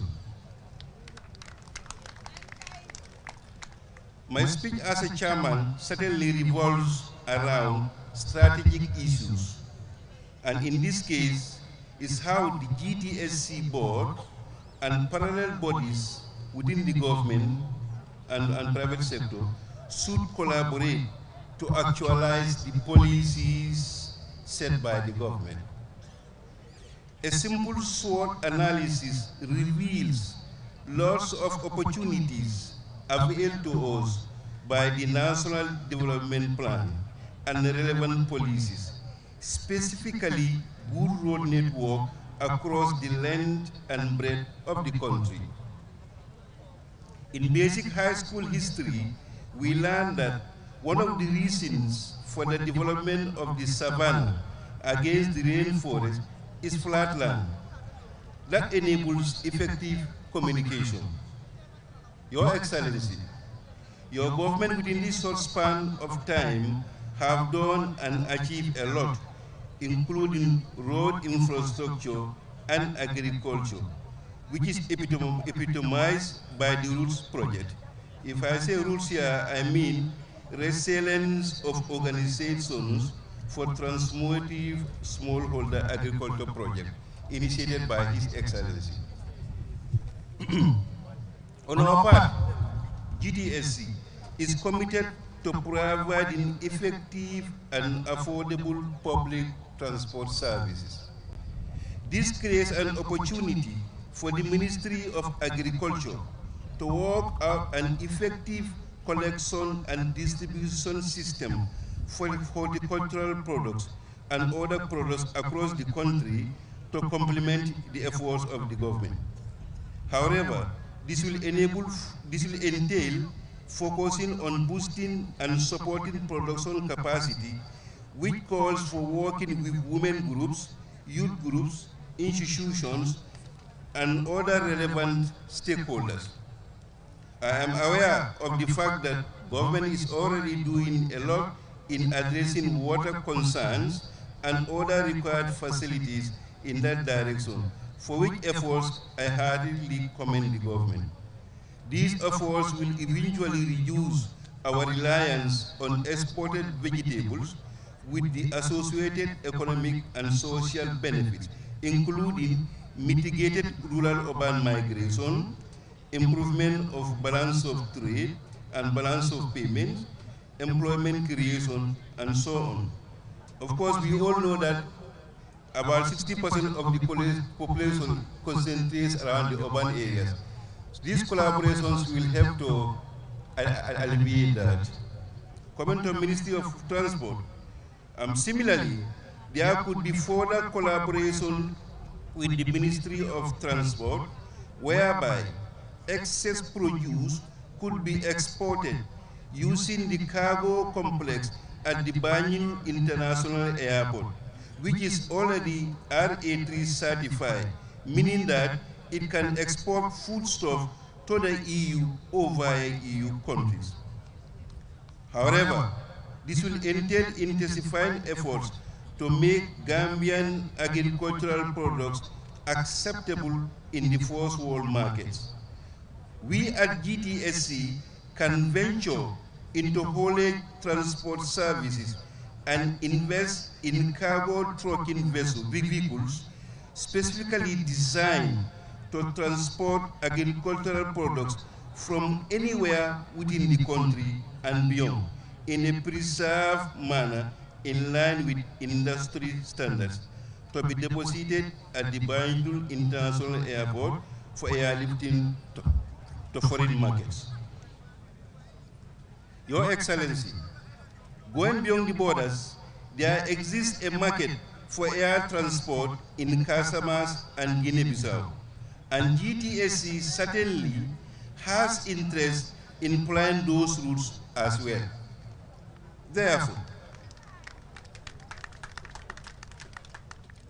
My speech as a chairman certainly revolves around strategic issues, and in this case, is how the GTSC board and parallel bodies within the government and, and private sector should collaborate to actualize the policies set by the government. A simple SWOT analysis reveals lots of opportunities available to us by the National Development Plan and relevant policies, specifically good road network across the length and breadth of the country. In basic high school history, we learned that one of the reasons for the development of the savanna against the rainforest is flatland. That enables effective communication. Your Excellency, your government within this short span of time have done and achieved a lot, including road infrastructure and agriculture, which is epitom epitomized by the Rules Project. If I say rules here, I mean resilience of organizations for transformative smallholder agriculture project initiated by His Excellency. On our part, GDSC is committed to providing effective and affordable public transport services. This creates an opportunity for the Ministry of Agriculture to work out an effective collection and distribution system for horticultural products and other products across the country to complement the efforts of the government. However, this will, enable, this will entail focusing on boosting and supporting production capacity, which calls for working with women groups, youth groups, institutions, and other relevant stakeholders. I am aware of the fact that government is already doing a lot in addressing water concerns and other required facilities in that direction, for which efforts I heartily commend the government. These efforts will eventually reduce our reliance on exported vegetables with the associated economic and social benefits, including mitigated rural-urban migration, improvement of balance of trade and balance of payments, employment creation, and so on. Of course, we all know that about 60% of the population concentrates around the urban areas. So these collaborations will help to alleviate that. Comment on Ministry of Transport. Um, similarly, there could be further collaboration with the Ministry of Transport, whereby excess produce could be exported using the cargo complex at the Banyan International Airport, which is already RA3 certified, meaning that it can export foodstuff to the EU or via EU countries. However, this will entail intensifying efforts to make Gambian agricultural products acceptable in the first world markets we at GTSC can venture into haulage transport services and invest in cargo trucking vessels, vehicles specifically designed to transport agricultural products from anywhere within the country and beyond in a preserved manner in line with industry standards to be deposited at the Banjul International Airport for airlifting to foreign markets. Your Excellency, going beyond the borders, there exists a market for air transport in Casamas and Guinea-Bissau, and GTSC certainly has interest in planning those routes as well. Therefore,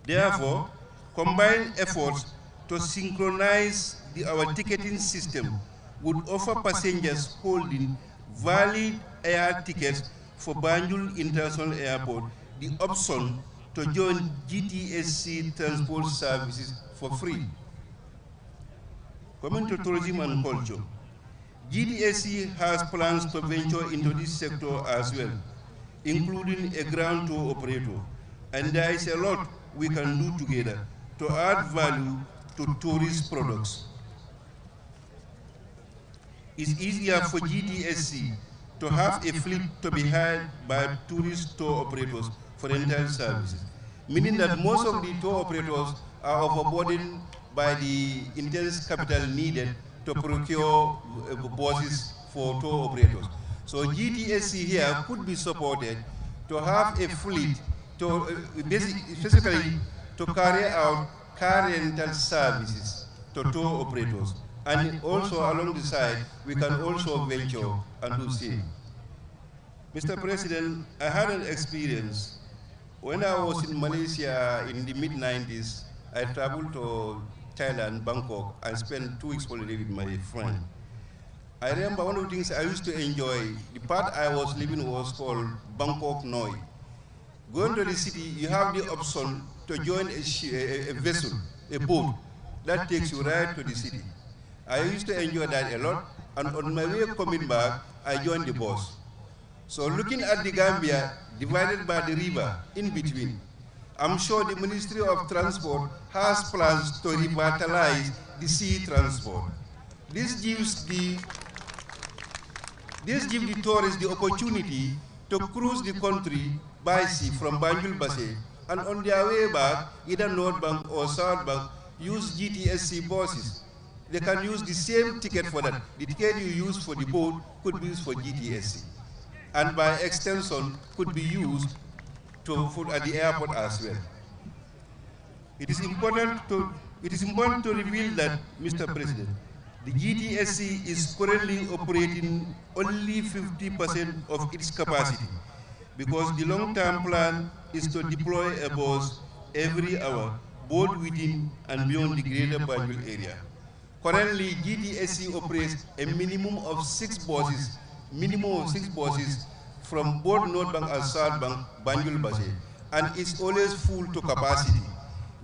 therefore, combined efforts to synchronize the, our ticketing system would offer passengers holding valid air tickets for Banjul International Airport the option to join GTSC transport services for free. Coming to tourism and culture, GTSC has plans to venture into this sector as well, including a ground tour operator, and there is a lot we can do together to add value to tourist products. It is easier for GDSC to have a fleet to be hired by uh, uh, tourist tour operators for rental services, meaning that most of the tour operators are overburdened by the intense capital needed to procure buses for tour operators. So GTSC here could be supported to have a fleet to uh, basically to carry out car rental services to tour operators and also along the side, we can also venture and do same. Mr. President, I had an experience. When I was in Malaysia in the mid-90s, I traveled to Thailand, Bangkok, and spent two weeks holiday with my friend. I remember one of the things I used to enjoy, the part I was living was called Bangkok Noi. Going to the city, you have the option to join a, a, a vessel, a boat, that takes you right to the city. I used to enjoy that a lot. And on my way coming back, I joined the bus. So looking at the Gambia divided by the river in between, I'm sure the Ministry of Transport has plans to revitalize the sea transport. This gives the this gives the tourists the opportunity to cruise the country by sea from Banjul Base and on their way back, either north bank or south bank, use GTSC buses they can use the same ticket for that. The ticket you use for the boat could be used for GTSC. And by extension, could be used to food at the airport as well. It is important to, it is important to reveal that, Mr. President, the GTSC is currently operating only 50% of its capacity because the long-term plan is to deploy a bus every hour, both within and beyond the greater Banjul area. Currently, GDSC operates a minimum of six buses, minimum of six buses from both North Bank and South Bank, Banjul Base, and it's always full to capacity.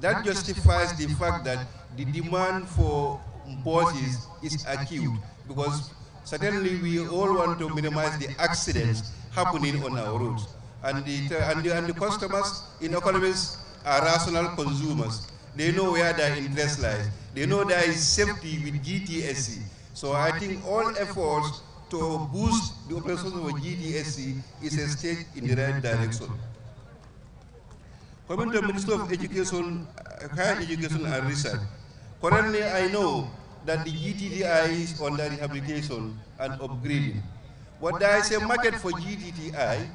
That justifies the fact that the demand for buses is acute because certainly we all want to minimize the accidents happening on our roads. And the, and the, and the customers in economies are rational consumers. They know where their interest lies. They know there is safety with GTSC. So I think all efforts to boost the operations of GTSC is a step in the right direction. Coming to the Minister of Education, uh, Higher Education and Research, currently I know that the GTDI is under rehabilitation and upgrading. But there is a market for GTDI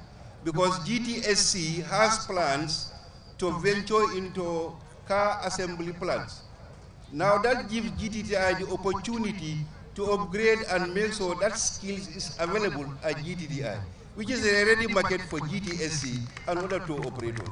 because GTSC has plans to venture into car assembly plants. Now that gives GTTI the opportunity to upgrade and make sure that skills is available at GTDI, which is a ready market for GTSC and other two operators.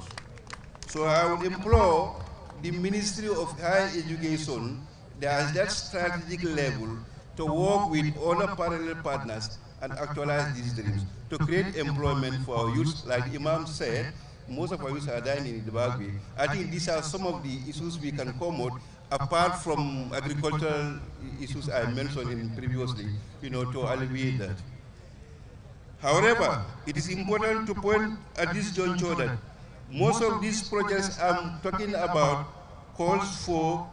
So I would implore the Ministry of Higher Education that at that strategic level to work with other parallel partners and actualize these dreams to create employment for our youth, like Imam said, most of our youth are dying in Zimbabwe. I think these are some of the issues we can come out apart from agricultural issues I mentioned in previously, you know, to alleviate that. However, it is important to point at this juncture that most of these projects I'm talking about calls for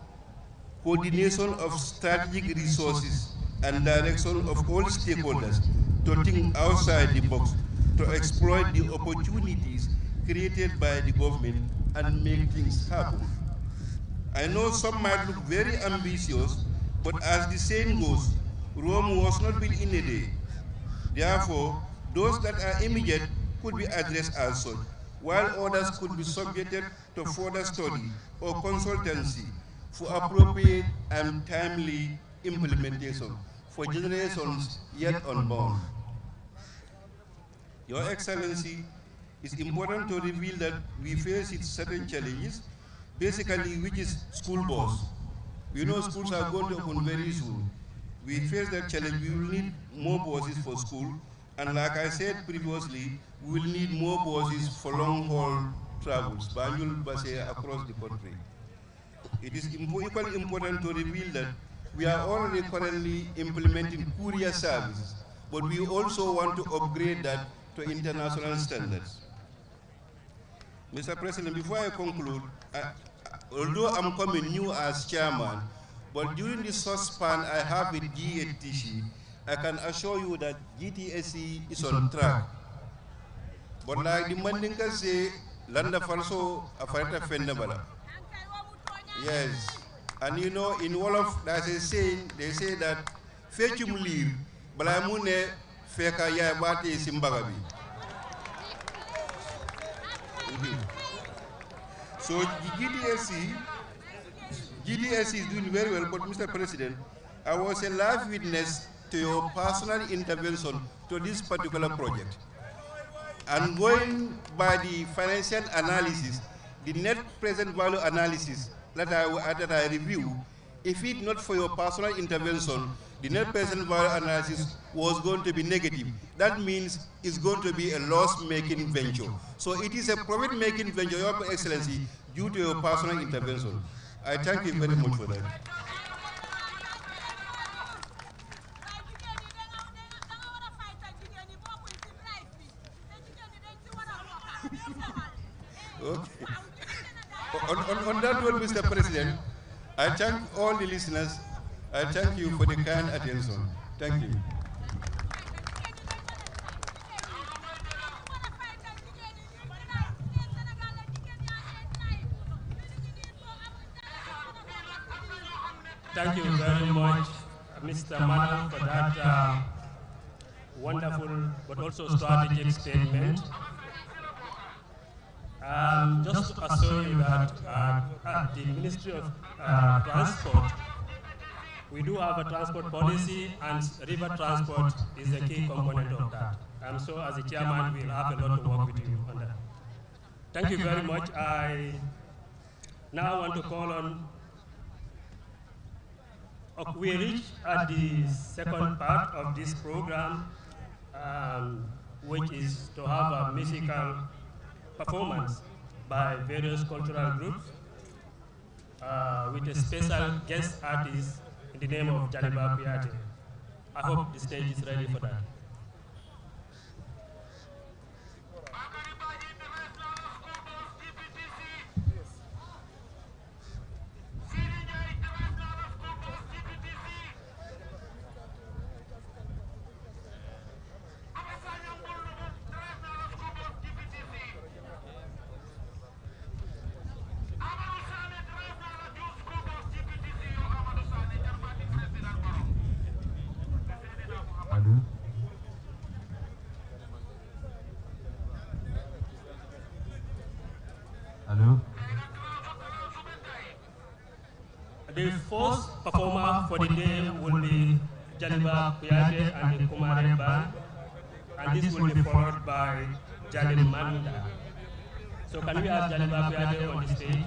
coordination of strategic resources and direction of all stakeholders to think outside the box, to exploit the opportunities created by the government and make things happen. I know some might look very ambitious, but as the saying goes, Rome was not built in a day. Therefore, those that are immediate could be addressed as such, while others could be subjected to further study or consultancy for appropriate and timely implementation for generations yet unborn. Your Excellency, it's important to reveal that we face certain challenges, basically which is school boards. We know schools are going to open very soon. We face that challenge, we will need more buses for school, and like I said previously, we will need more buses for long-haul travels, Banjul buses across the country. It is equally important to reveal that we are already currently implementing courier services, but we also want to upgrade that to international standards. Mr. President, before I conclude, I, although I'm coming new as chairman, but during this span I have with GATC, I can assure you that GTSE is on track. But like the Mandinka say, Landa Falso, Afarita Fendabala. Yes. And you know, in all of a saying, they say that, Fechum leave, Balamune, Feka Yabate Simbagabi him. So GDSC, GDSC is doing very well, but Mr. President, I was a live witness to your personal intervention to this particular project. And going by the financial analysis, the net present value analysis that I, that I review, if it not for your personal intervention, the net present value analysis was going to be negative. That means it's going to be a loss-making venture. So it is a profit-making venture, Your Excellency, due to your personal intervention. I thank you very much for that. okay. on, on, on that note, Mr. President, I thank all the listeners I thank you for the kind attention. Thank you. Thank you very much, Mr. Malam, for that uh, wonderful but also strategic statement. Um, just to assure you that uh, at uh, uh, the Ministry of uh, uh Transport, we do have a transport policy, and river transport is a key component of that. And so, as a chairman, we'll have a lot to work with you on that. Thank you very much. I now want to call on we reach at the second part of this program, um, which is to have a musical performance by various cultural groups uh, with a special guest artist in the name of Jalibab Yati. I hope the stage is ready for that. for will be Jaliba Kuyade and the Kumare and this will be followed by Jalim Manda. So can we have Jaliba Kuyade on the stage?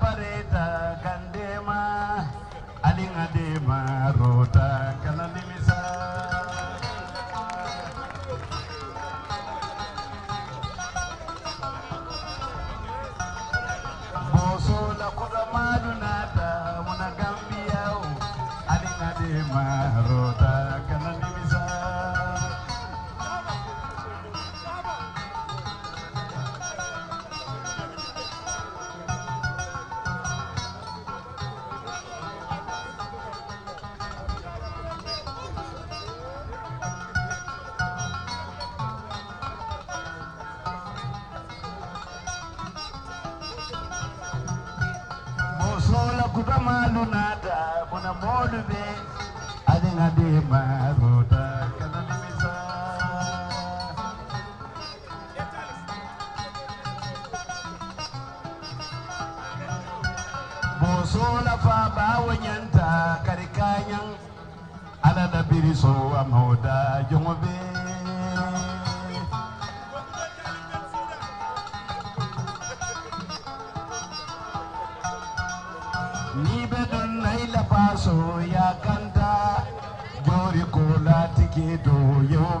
pareta kandema aling'adema rota be adina i maruta kanamisa bosola fa bawanyanta karikanyang ala da biriso So ya kanta gori kula tiki do yo.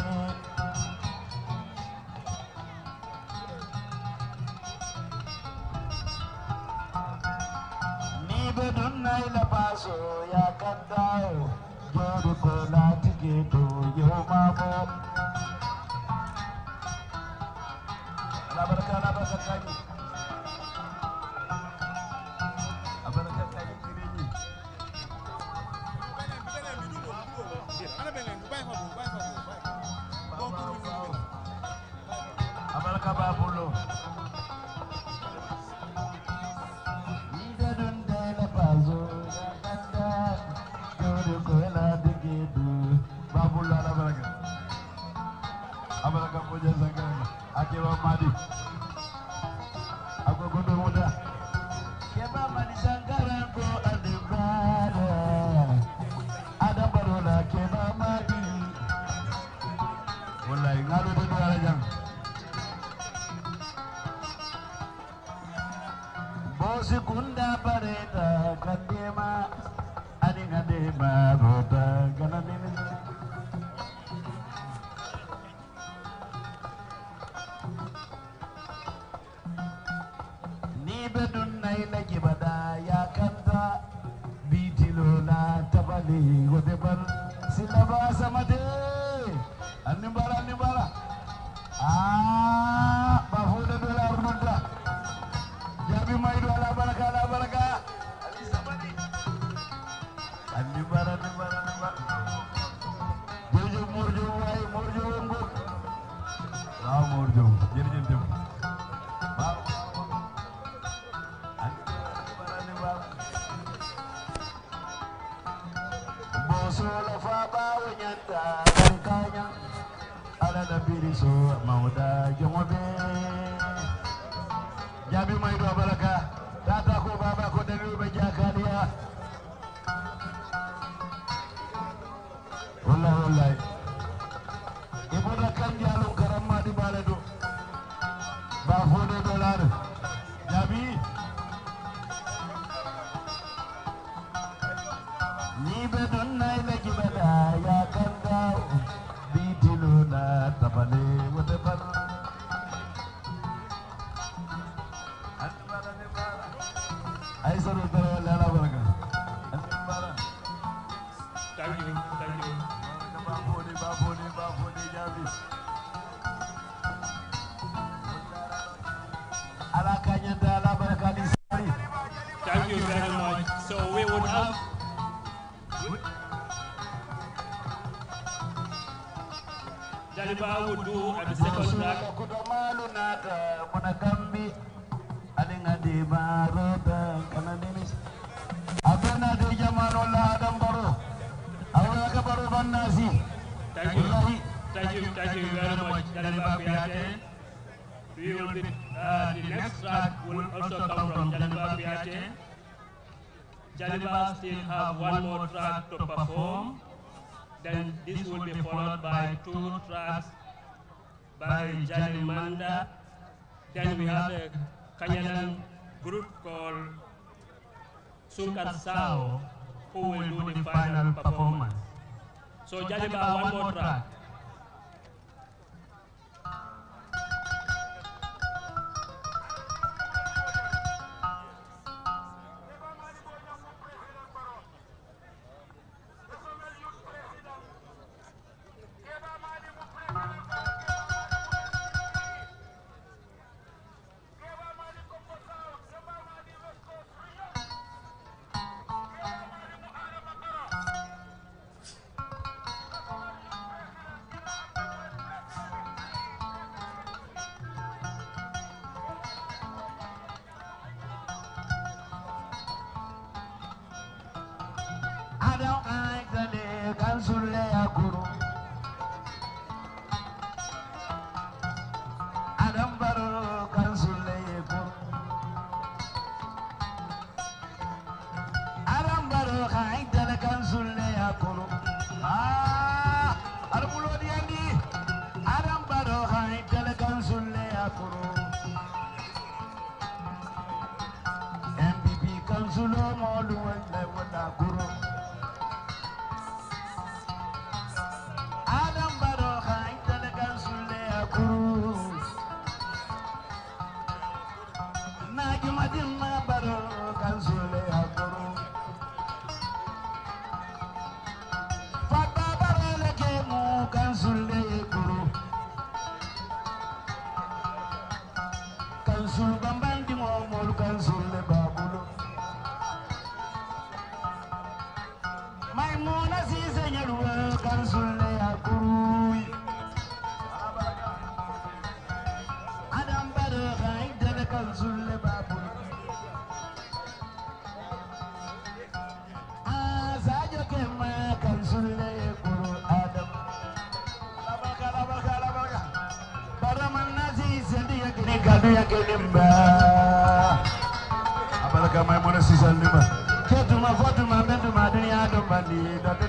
सोया சொல்லுது kenimba abalaka maimuna sisal nima ke duma fo duma be duma duniya dumbandi dote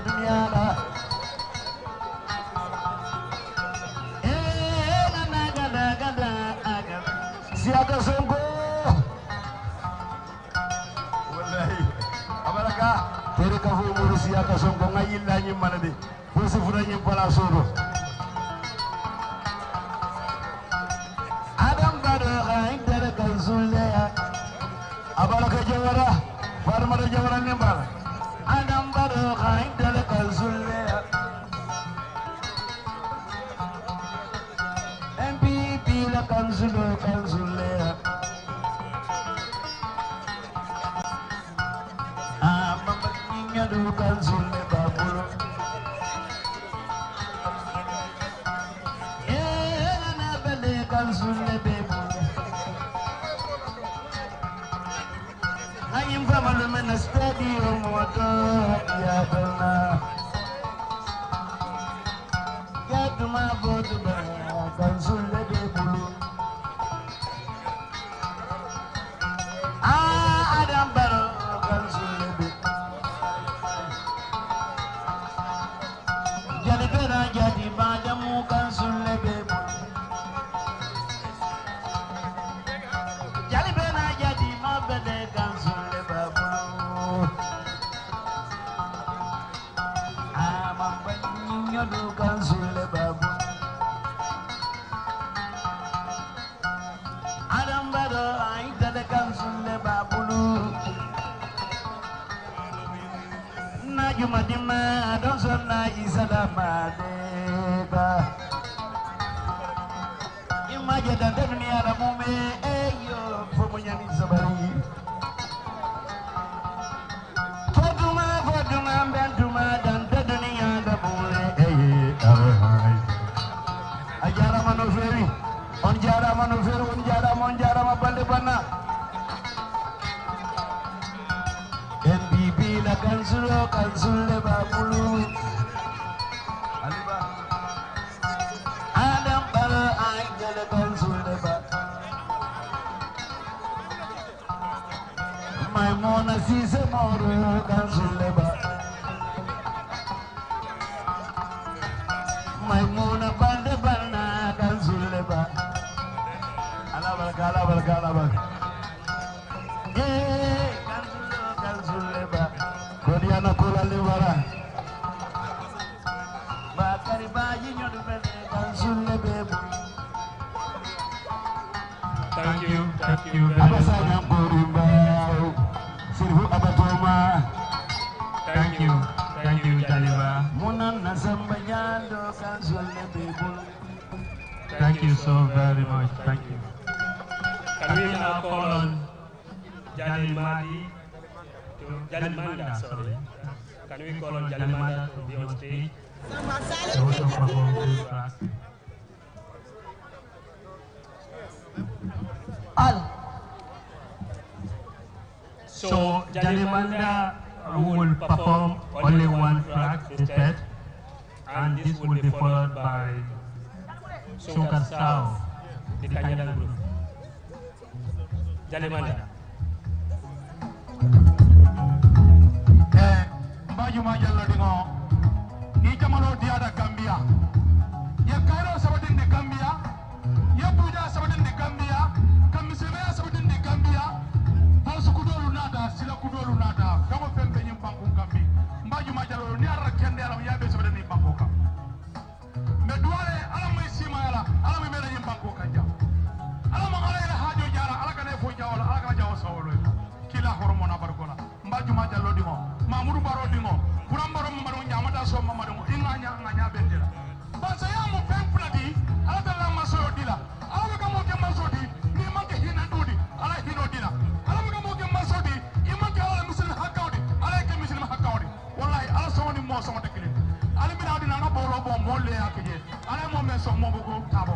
mon assise est mort quand je l'ai bas. Maïmouna bande bana quand je l'ai bas. Alabalga, alabalga, alabalga. Kodiana kula livara. Bakari bayi nyodu bene kan sulle Thank you, thank you. so very much. Thank you. Can we now call on Jalimadi to Jalimanda, sorry. Can we call on Jalimanda to be on stage? To perform Al. So, Jalimanda will perform only one track instead, and this will be followed by Sukarsao di Kanyadang Group. mana Eh, baju majalah dengo. Ika malo tiada Gambia. Ya Cairo sebutin di Gambia. Ya Puja sebutin di Gambia. Kami semua sebutin di Gambia. Hal suku dulu nada, sila kudo dulu nada. Kamu pempe nyimpangku kami. Baju majalah ni arah kendi alam ya besok ni bangku kami. Meduare alam amudu baro dingo kuran baro mamadu nyamata so mamadu inga nya nga nya bendera bansa ya mu pen kula di ala ta la maso dila ala be kamo ke maso di ni man ke hina dudi ala hino dila ala be kamo ke maso di i man ke ala musul hakawdi ala ke musul hakawdi wallahi ala so ni mo so de kile ala mi na dina na boro bo mo le akije ala mo me so mo bugo tabo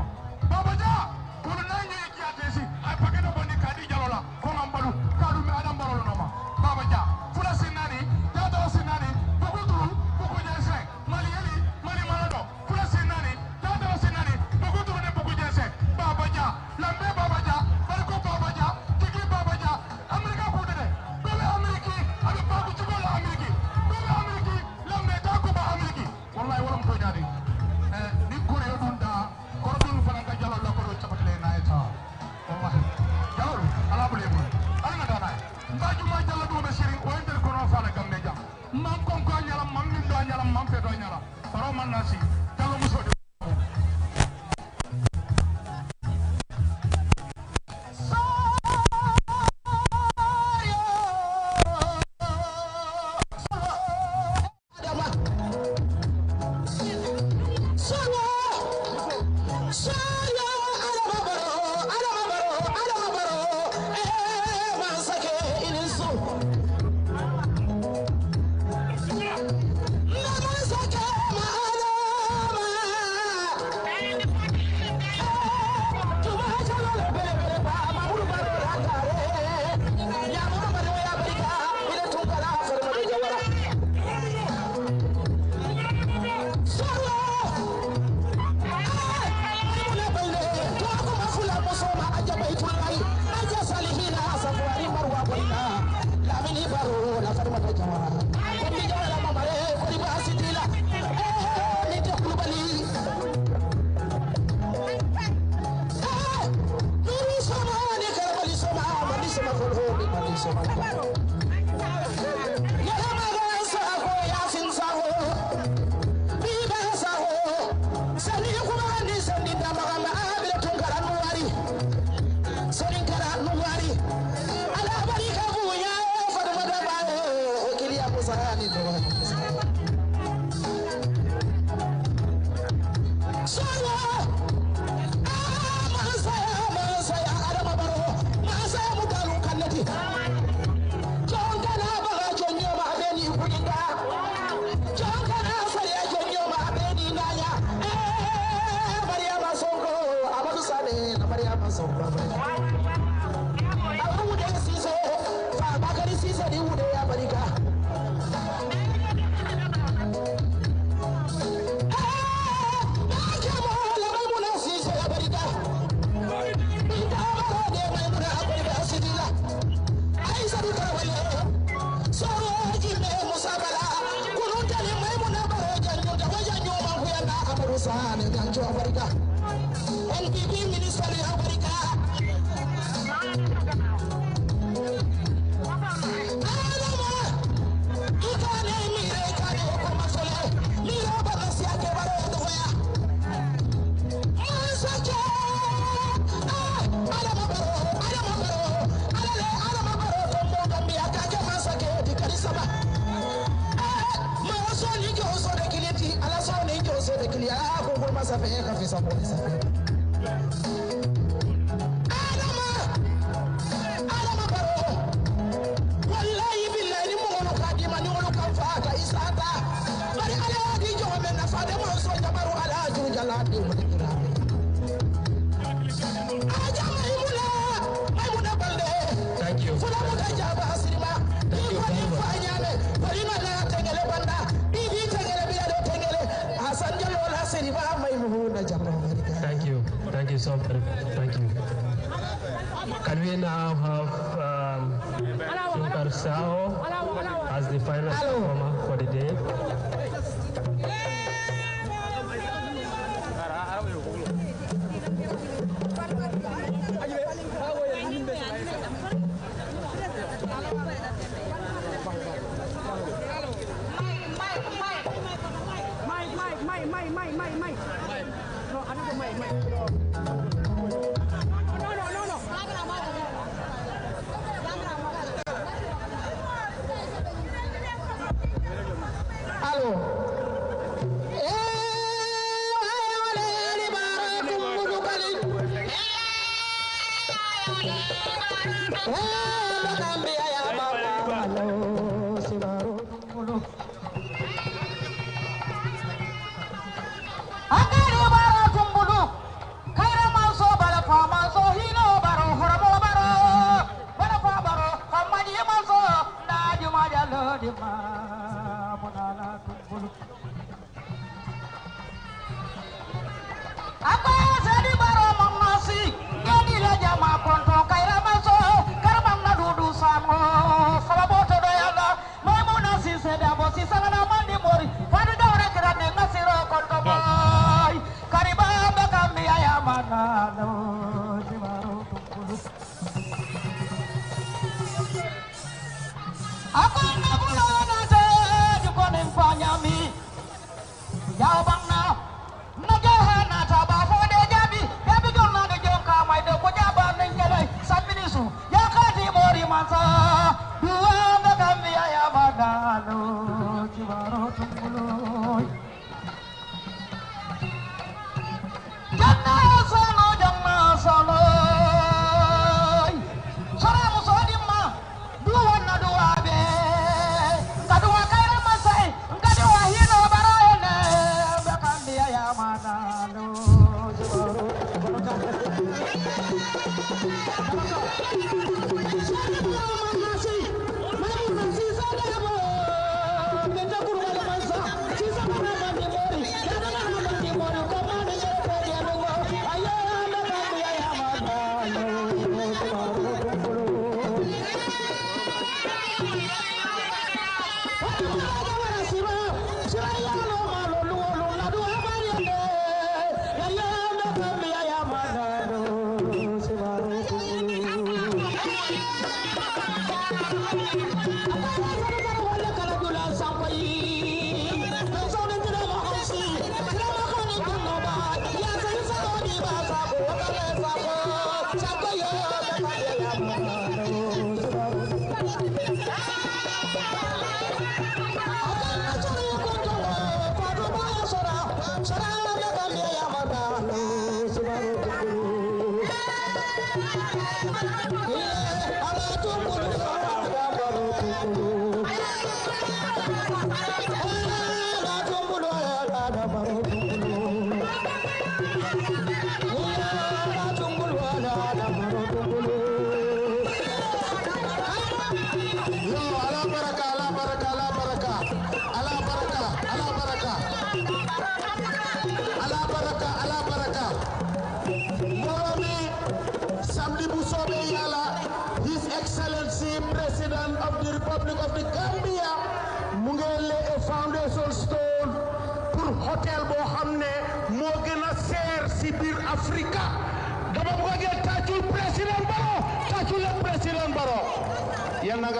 Thank you.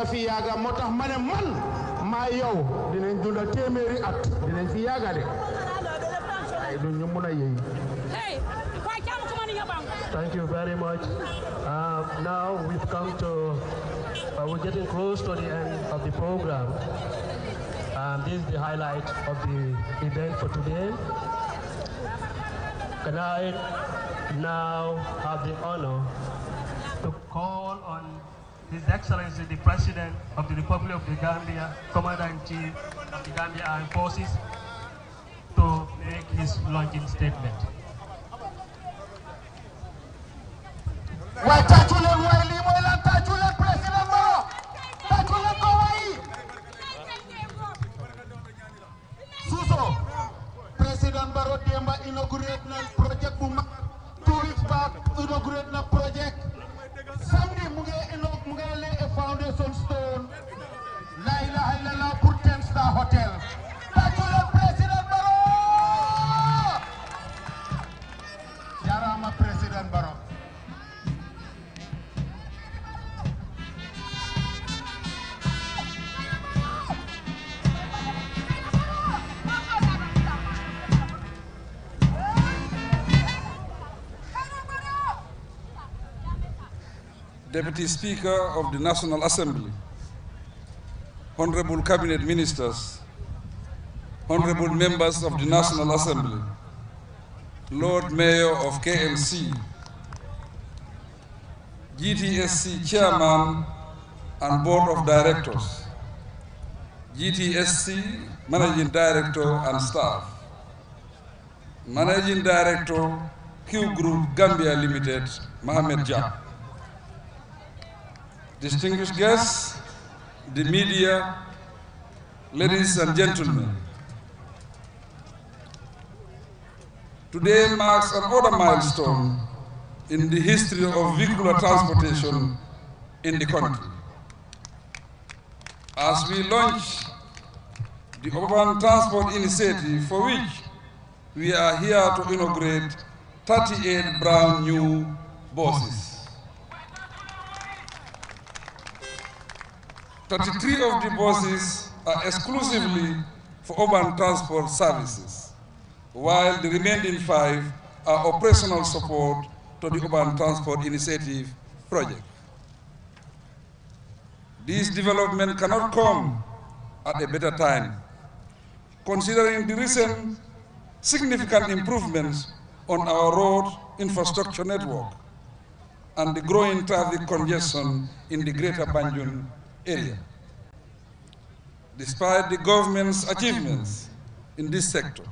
fi man yow dinañ at dinañ fi de ay du ñu Thank you very much. Uh, now we've come to, uh, we're getting close to the end of the program. Um, this is the highlight of the event for today. Can I now have the honor to call his Excellency the President of the Republic of the Gambia, Commander-in-Chief of the Gambia Armed Forces, to make his launching statement. Deputy Speaker of the National Assembly, Honorable Cabinet Ministers, Honorable Members of the National Assembly, Lord Mayor of KMC, GTSC Chairman and Board of Directors, GTSC Managing Director and Staff, Managing Director Q Group Gambia Limited, Mohamed Jah distinguished guests, the media, ladies and gentlemen. Today marks another milestone in the history of vehicular transportation in the country. As we launch the Urban Transport Initiative for which we are here to inaugurate 38 brand new buses. 33 of the buses are exclusively for urban transport services, while the remaining five are operational support to the Urban Transport Initiative project. This development cannot come at a better time, considering the recent significant improvements on our road infrastructure network and the growing traffic congestion in the greater Banjul Despite the government's achievements in this sector,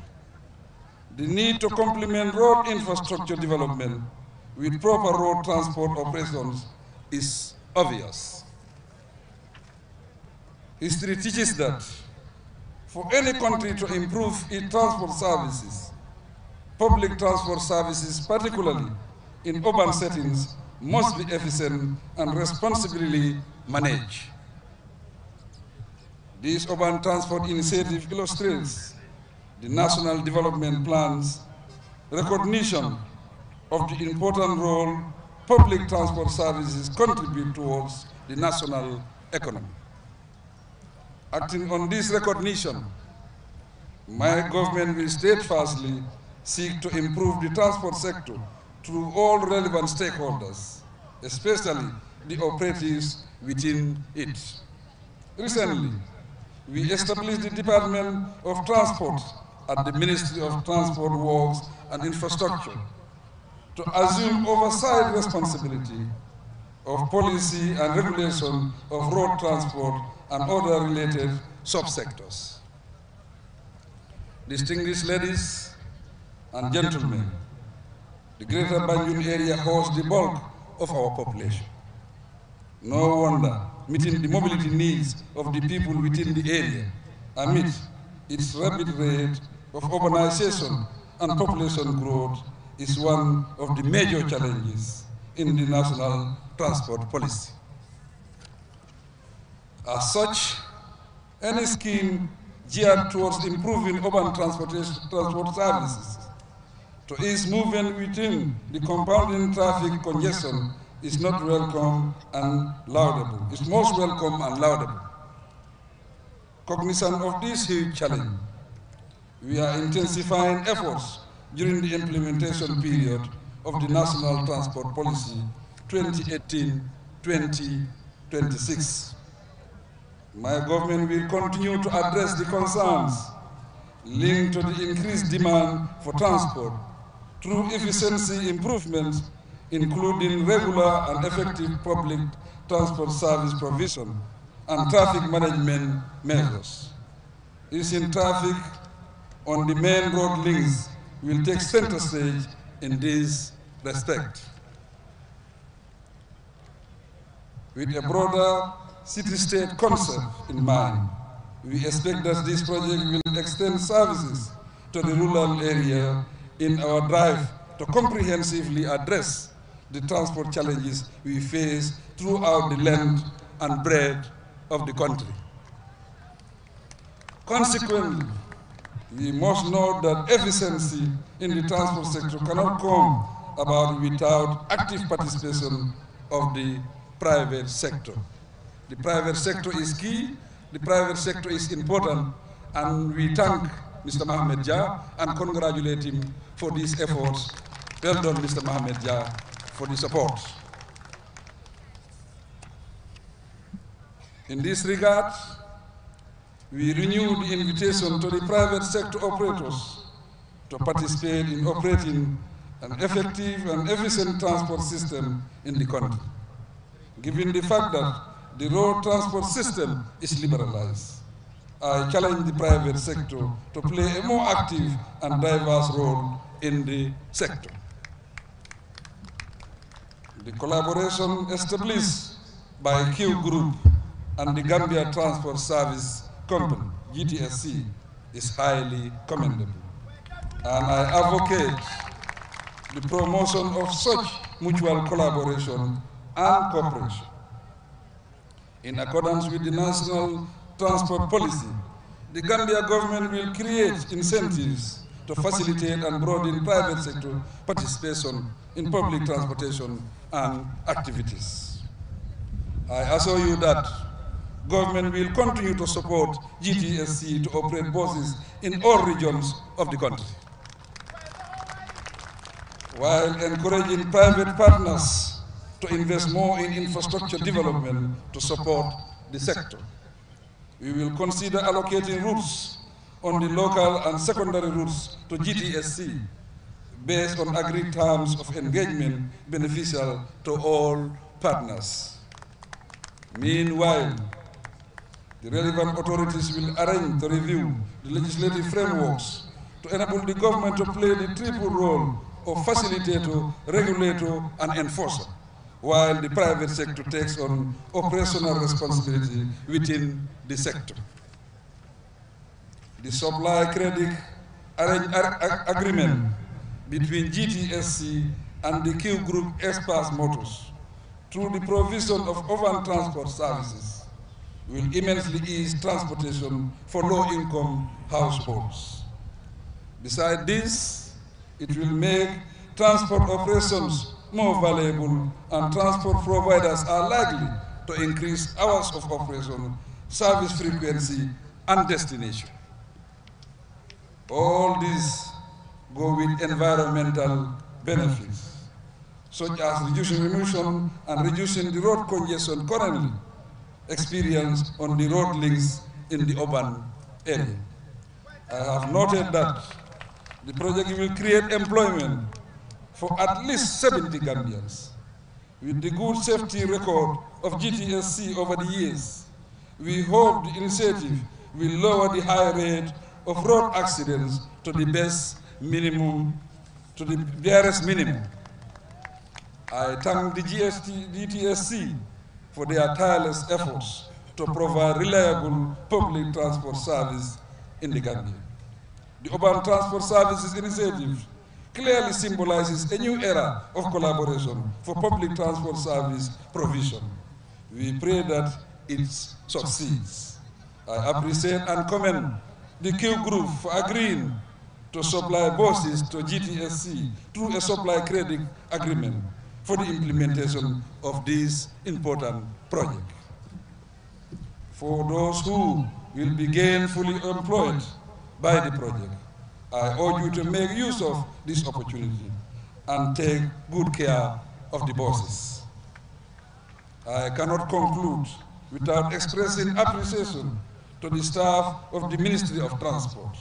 the need to complement road infrastructure development with proper road transport operations is obvious. History teaches that for any country to improve its transport services, public transport services, particularly in urban settings, must be efficient and responsibly managed. This urban transport initiative illustrates the national development plan's recognition of the important role public transport services contribute towards the national economy. Acting on this recognition, my government will steadfastly seek to improve the transport sector through all relevant stakeholders, especially the operatives within it. Recently, we established the Department of Transport at the Ministry of Transport, Works and Infrastructure to assume oversight responsibility of policy and regulation of road transport and other related subsectors. Distinguished ladies and gentlemen, the Greater Banjul area hosts the bulk of our population. No wonder meeting the mobility needs of the people within the area amid its rapid rate of urbanization and population growth is one of the major challenges in the national transport policy. As such, any scheme geared towards improving urban transportation, transport services to ease movement within the compounding traffic congestion is not welcome and laudable. It's most welcome and laudable. Cognizant of this huge challenge, we are intensifying efforts during the implementation period of the National Transport Policy 2018-2026. My government will continue to address the concerns linked to the increased demand for transport through efficiency improvements including regular and effective public transport service provision and traffic management measures. Easing traffic on the main road links will take center stage in this respect. With a broader city-state concept in mind, we expect that this project will extend services to the rural area in our drive to comprehensively address the transport challenges we face throughout the land and breadth of the country. Consequently, we must know that efficiency in the transport sector cannot come about without active participation of the private sector. The private sector is key, the private sector is important, and we thank Mr. Mohamed Jah and congratulate him for these efforts. Well done, Mr. Mohamed Jah for the support. In this regard, we renew the invitation to the private sector operators to participate in operating an effective and efficient transport system in the country, given the fact that the road transport system is liberalized. I challenge the private sector to play a more active and diverse role in the sector. The collaboration established by Q Group and the Gambia Transport Service Company, GTSC, is highly commendable. And I advocate the promotion of such mutual collaboration and cooperation. In accordance with the National Transport Policy, the Gambia government will create incentives to facilitate and broaden private sector participation in public transportation and activities. I assure you that government will continue to support GTSC to operate buses in all regions of the country, while encouraging private partners to invest more in infrastructure development to support the sector. We will consider allocating routes on the local and secondary routes to GTSC based on agreed terms of engagement beneficial to all partners. Meanwhile, the relevant authorities will arrange to review the legislative frameworks to enable the government to play the triple role of facilitator, regulator, and enforcer, while the private sector takes on operational responsibility within the sector the supply credit agreement between GTSC and the Q Group Express Motors through the provision of urban transport services will immensely ease transportation for low-income households. Besides this, it will make transport operations more valuable and transport providers are likely to increase hours of operation, service frequency, and destination. All these go with environmental benefits, such as reducing emission and reducing the road congestion currently experienced on the road links in the urban area. I have noted that the project will create employment for at least 70 Gambians. With the good safety record of GTSC over the years, we hope the initiative will lower the high rate of road accidents to the best minimum, to the barest minimum. I thank the GST, DTSC for their tireless efforts to provide reliable public transport service in the Gambia. The Urban Transport Services Initiative clearly symbolizes a new era of collaboration for public transport service provision. We pray that it succeeds. I appreciate and commend the Q Group agreeing to supply buses to GTSC through a supply credit agreement for the implementation of this important project. For those who will be gainfully employed by the project, I urge you to make use of this opportunity and take good care of the bosses. I cannot conclude without expressing appreciation to the staff of the Ministry of Transport,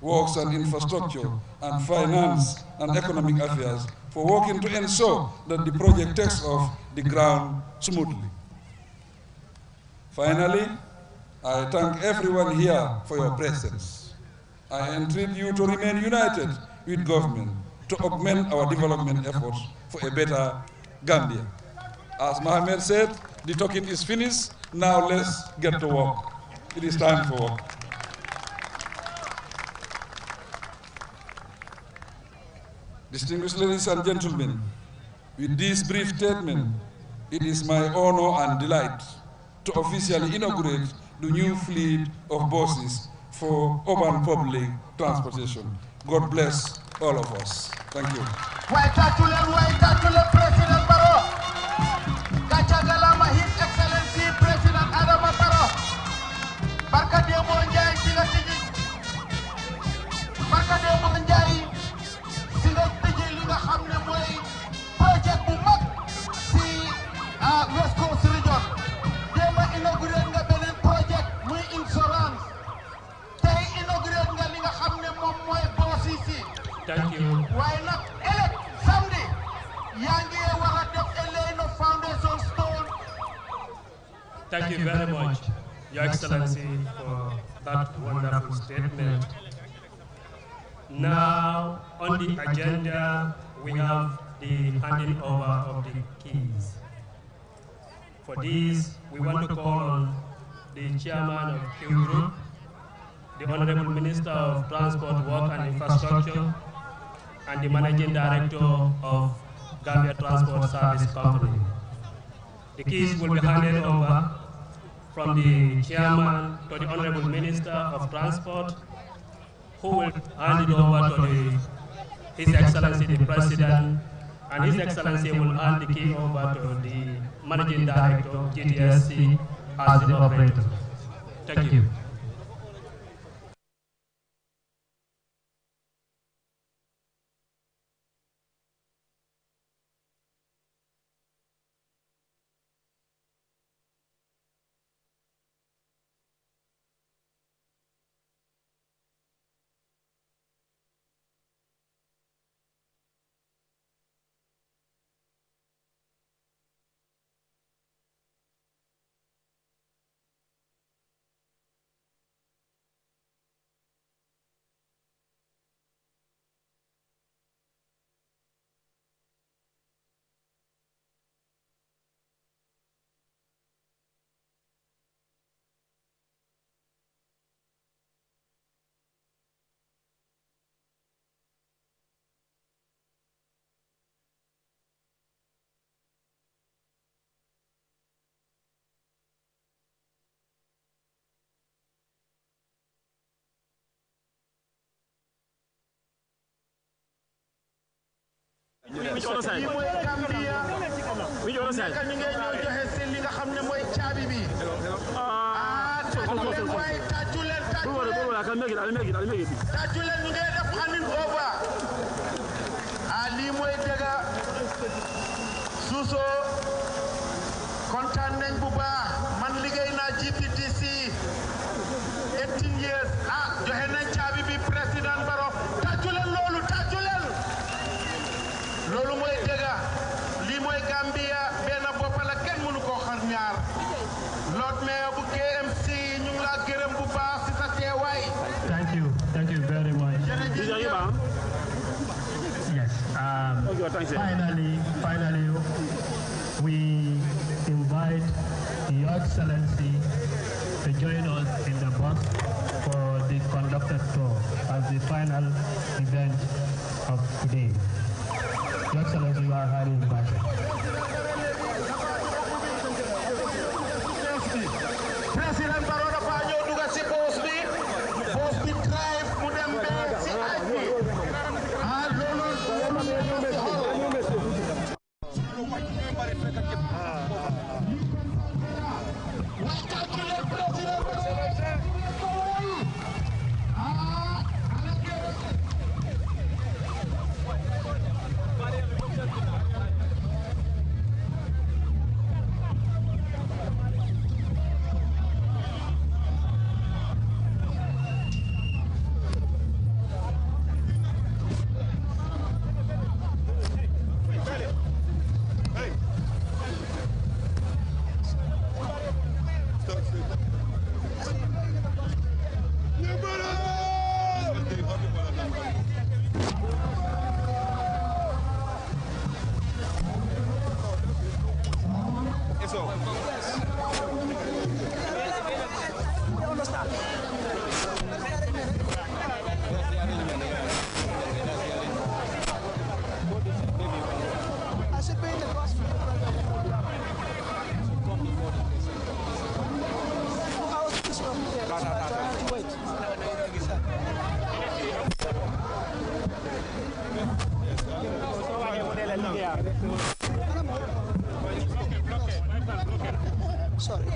Works and Infrastructure, and Finance and Economic Affairs for working to ensure that the project takes off the ground smoothly. Finally, I thank everyone here for your presence. I entreat you to remain united with government to augment our development efforts for a better Gambia. As Mohamed said, the talking is finished. Now let's get to work. It is time for. Distinguished ladies and gentlemen, with this brief statement, it is my honor and delight to officially inaugurate the new fleet of buses for urban public transportation. God bless all of us. Thank you. Thank, you, you very much, Your Excellency, for that wonderful statement. Now, on the agenda, we have the handing over of the keys. For this, we want to call on the chairman of Q Group, the Honorable Minister of Transport, Work and Infrastructure, and the Managing Director of Gambia Transport Service Company. The keys will be handed over from the chairman to the honorable minister of transport, who will hand it over to the, His Excellency the President, and His Excellency will hand the key over to the Managing Director of GTSC as the operator. Thank you. mi ngi on side lii mooy li nga xam ne mooy caabi bi ah, ah tàccu leen waay tàccu leen tàccu leen tàccu leen ñu ngi def over ah lii mooy dëgg Suso kontaan nañ bu baax man liggéey naa GPTC 18 ah, joxe nañ Thank you, thank you very much. Yes. Um, finally, finally, we invite Your Excellency to join us in the box for the conductor tour as the final event of today. Your Excellency, you are highly invited. sorry.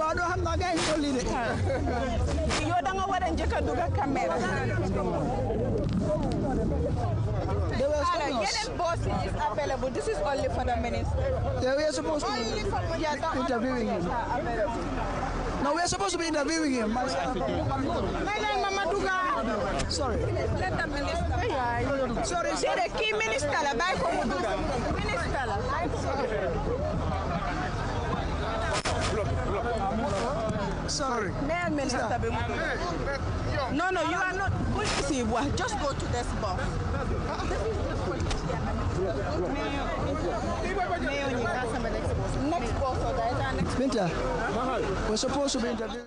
Waɗo hamma gai Iya Yo danga waɗa duga kamera. This is only for the minister. Yeah, we are supposed to only for, yeah, interviewing him. No, we are supposed to be interviewing him. Sorry. Let the minister. Sorry, see the key minister. Minister. Sorry. Sorry. No, no, you are not. Just go to this bar next boss. or the next. we're supposed to be interviewing.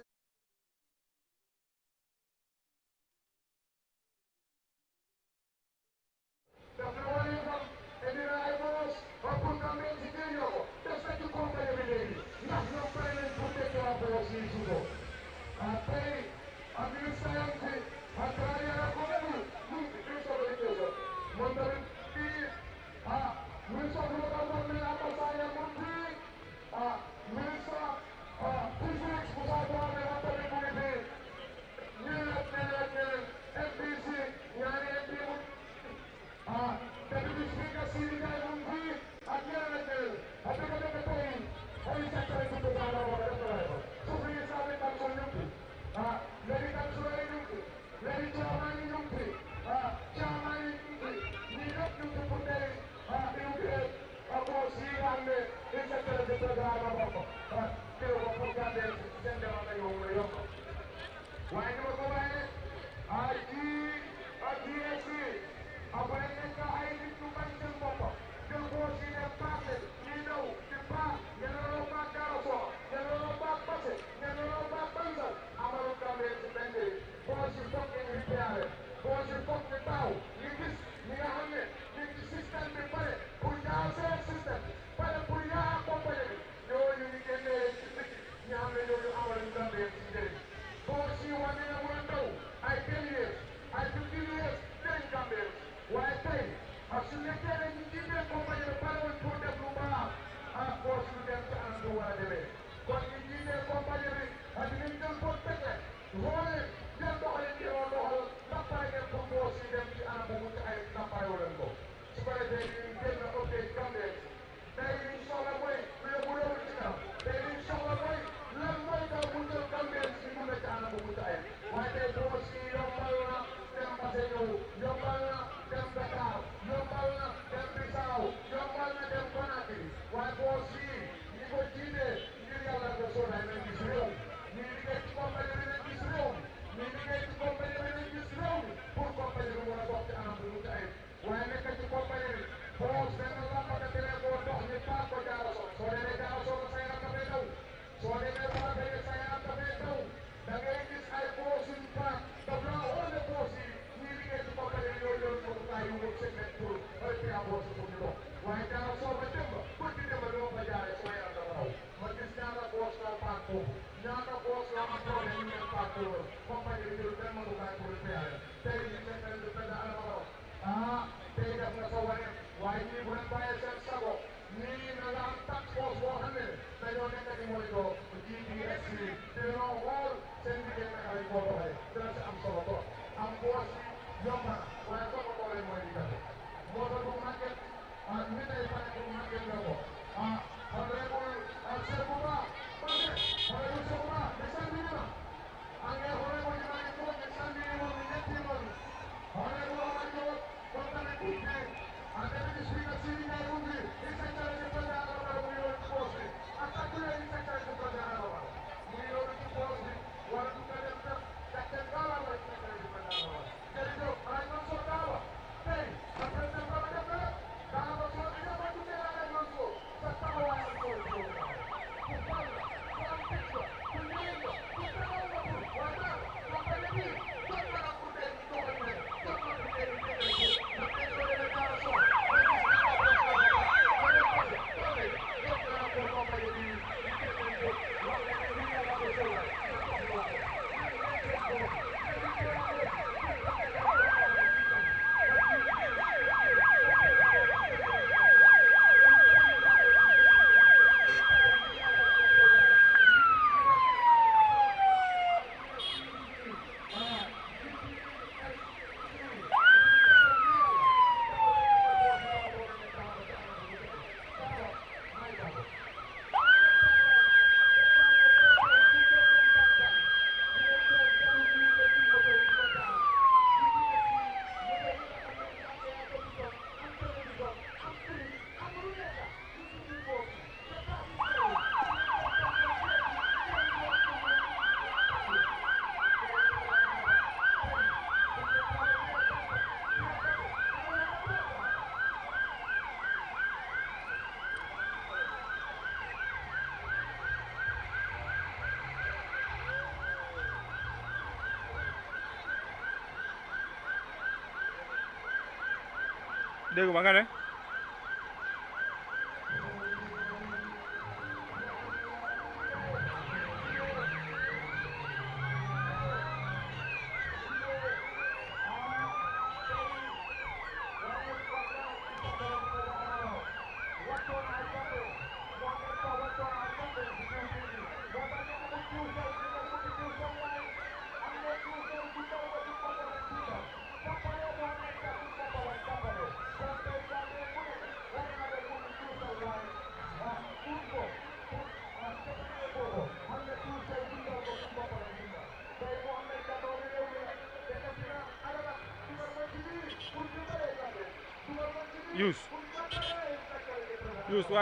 那个王刚嘞。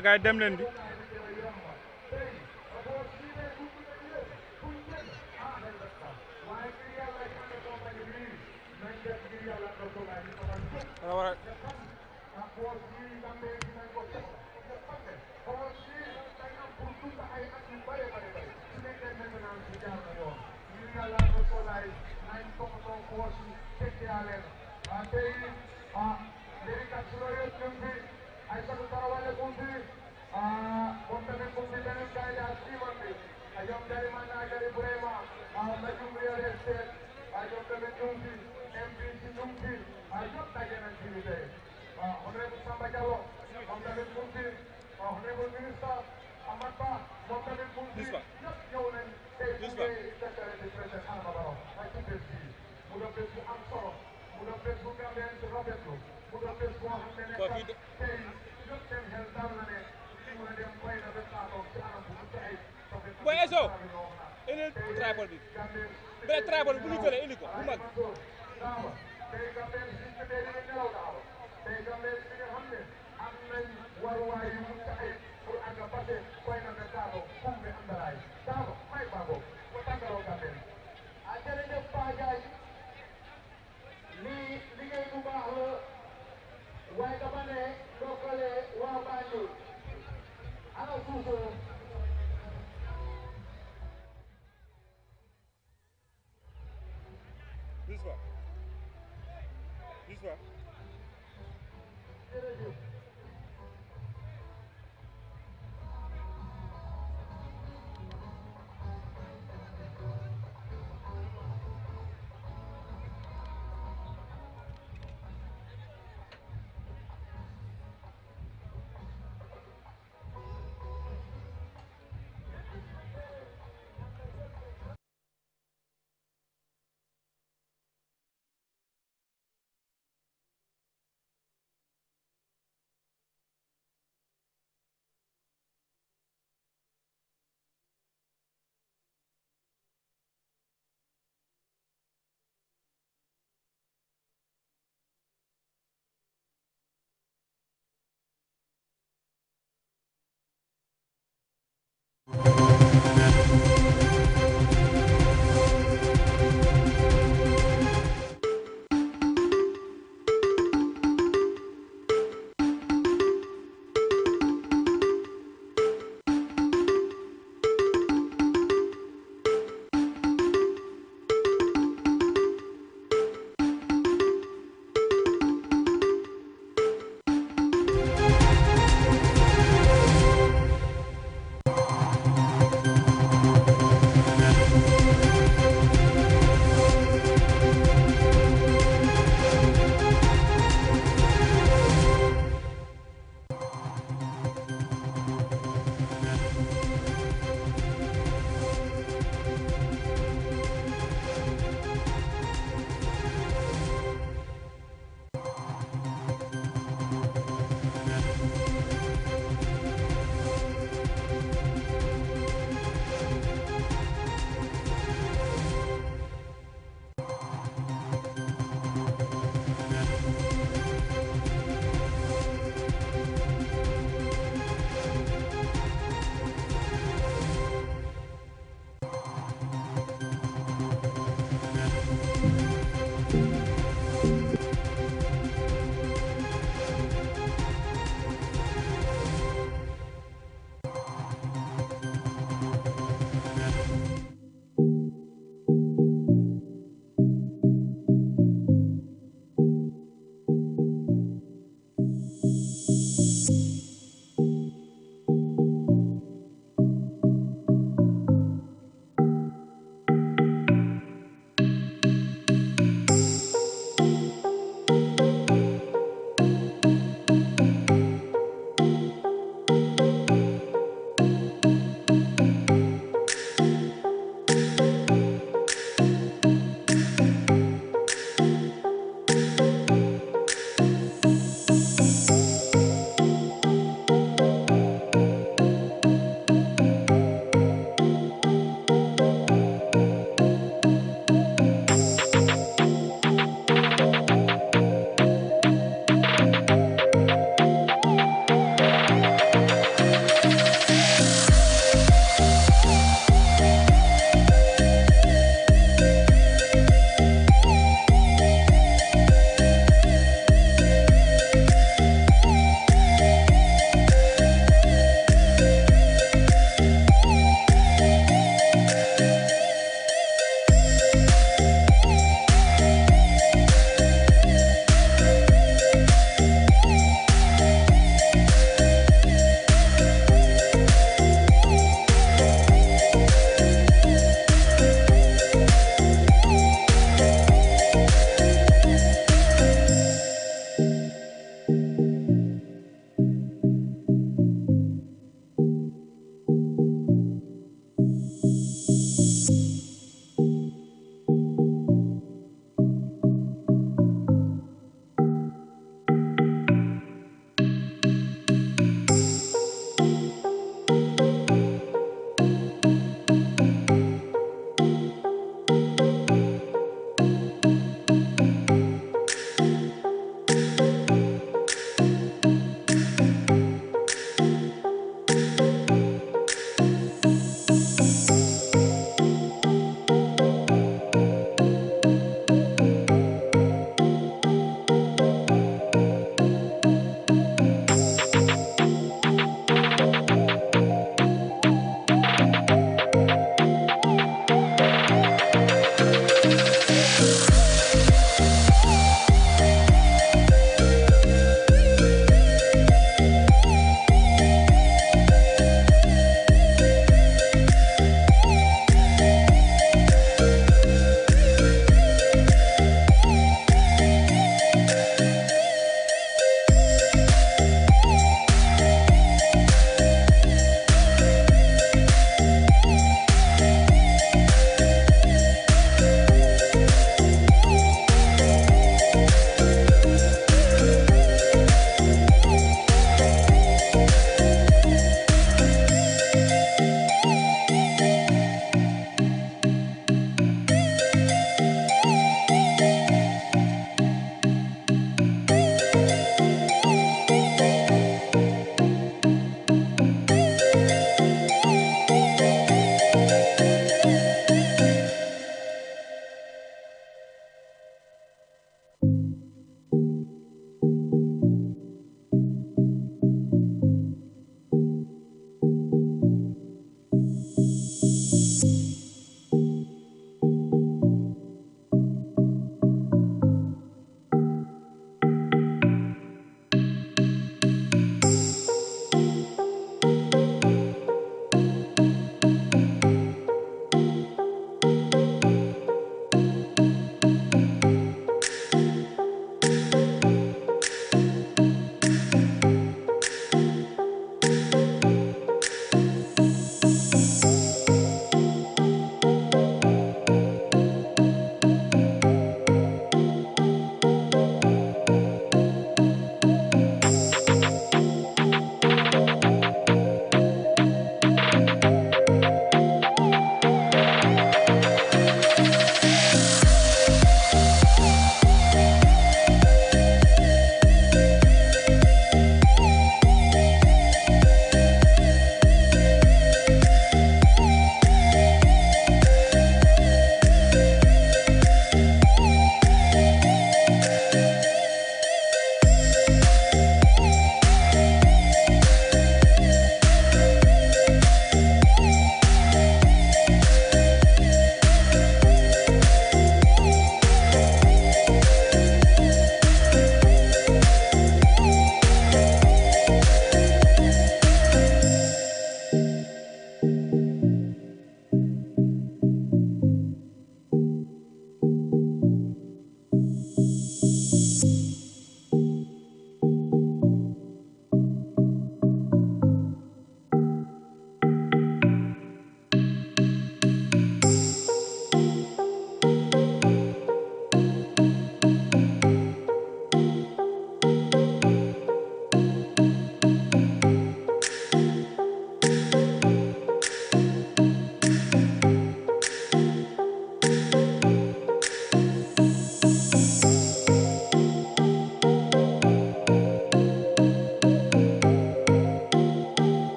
gars yi dem leen bi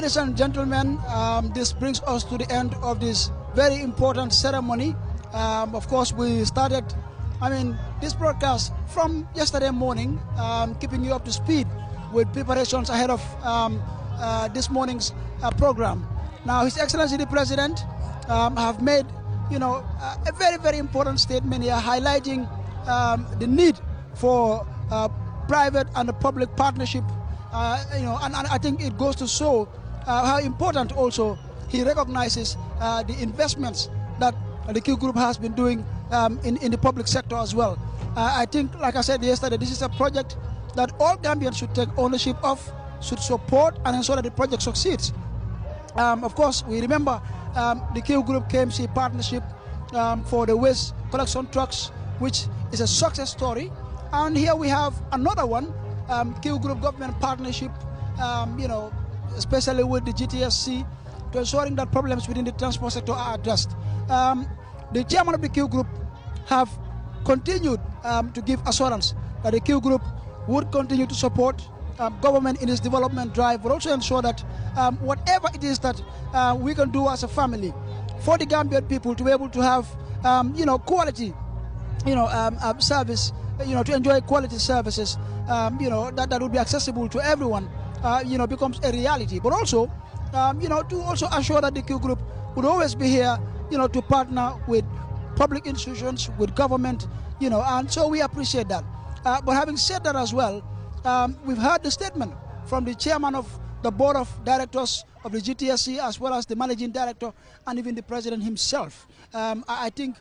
Ladies and gentlemen, um, this brings us to the end of this very important ceremony. Um, of course, we started, I mean, this broadcast from yesterday morning, um, keeping you up to speed with preparations ahead of um, uh, this morning's uh, program. Now, His Excellency the President um, have made, you know, uh, a very, very important statement here highlighting um, the need for uh, private and public partnership uh, you know, and, and, I think it goes to show uh, how important also he recognizes uh, the investments that the Q Group has been doing um, in, in the public sector as well. Uh, I think, like I said yesterday, this is a project that all Gambians should take ownership of, should support, and ensure that the project succeeds. Um, of course, we remember um, the Q Group KMC partnership um, for the waste collection trucks, which is a success story. And here we have another one, um, Q Group government partnership, um, you know, especially with the GTSC, to ensuring that problems within the transport sector are addressed. Um, the chairman of the Q Group have continued um, to give assurance that the Q Group would continue to support um, government in its development drive, but also ensure that um, whatever it is that uh, we can do as a family for the Gambian people to be able to have, um, you know, quality, you know, um, service, you know, to enjoy quality services, you know, that, that would be accessible to everyone uh, you know, becomes a reality. But also, um, you know, to also assure that the Q Group would always be here, you know, to partner with public institutions, with government, you know, and so we appreciate that. Uh, but having said that as well, um, we've heard the statement from the chairman of the board of directors of the GTSC, as well as the managing director and even the president himself. Um, I, I, think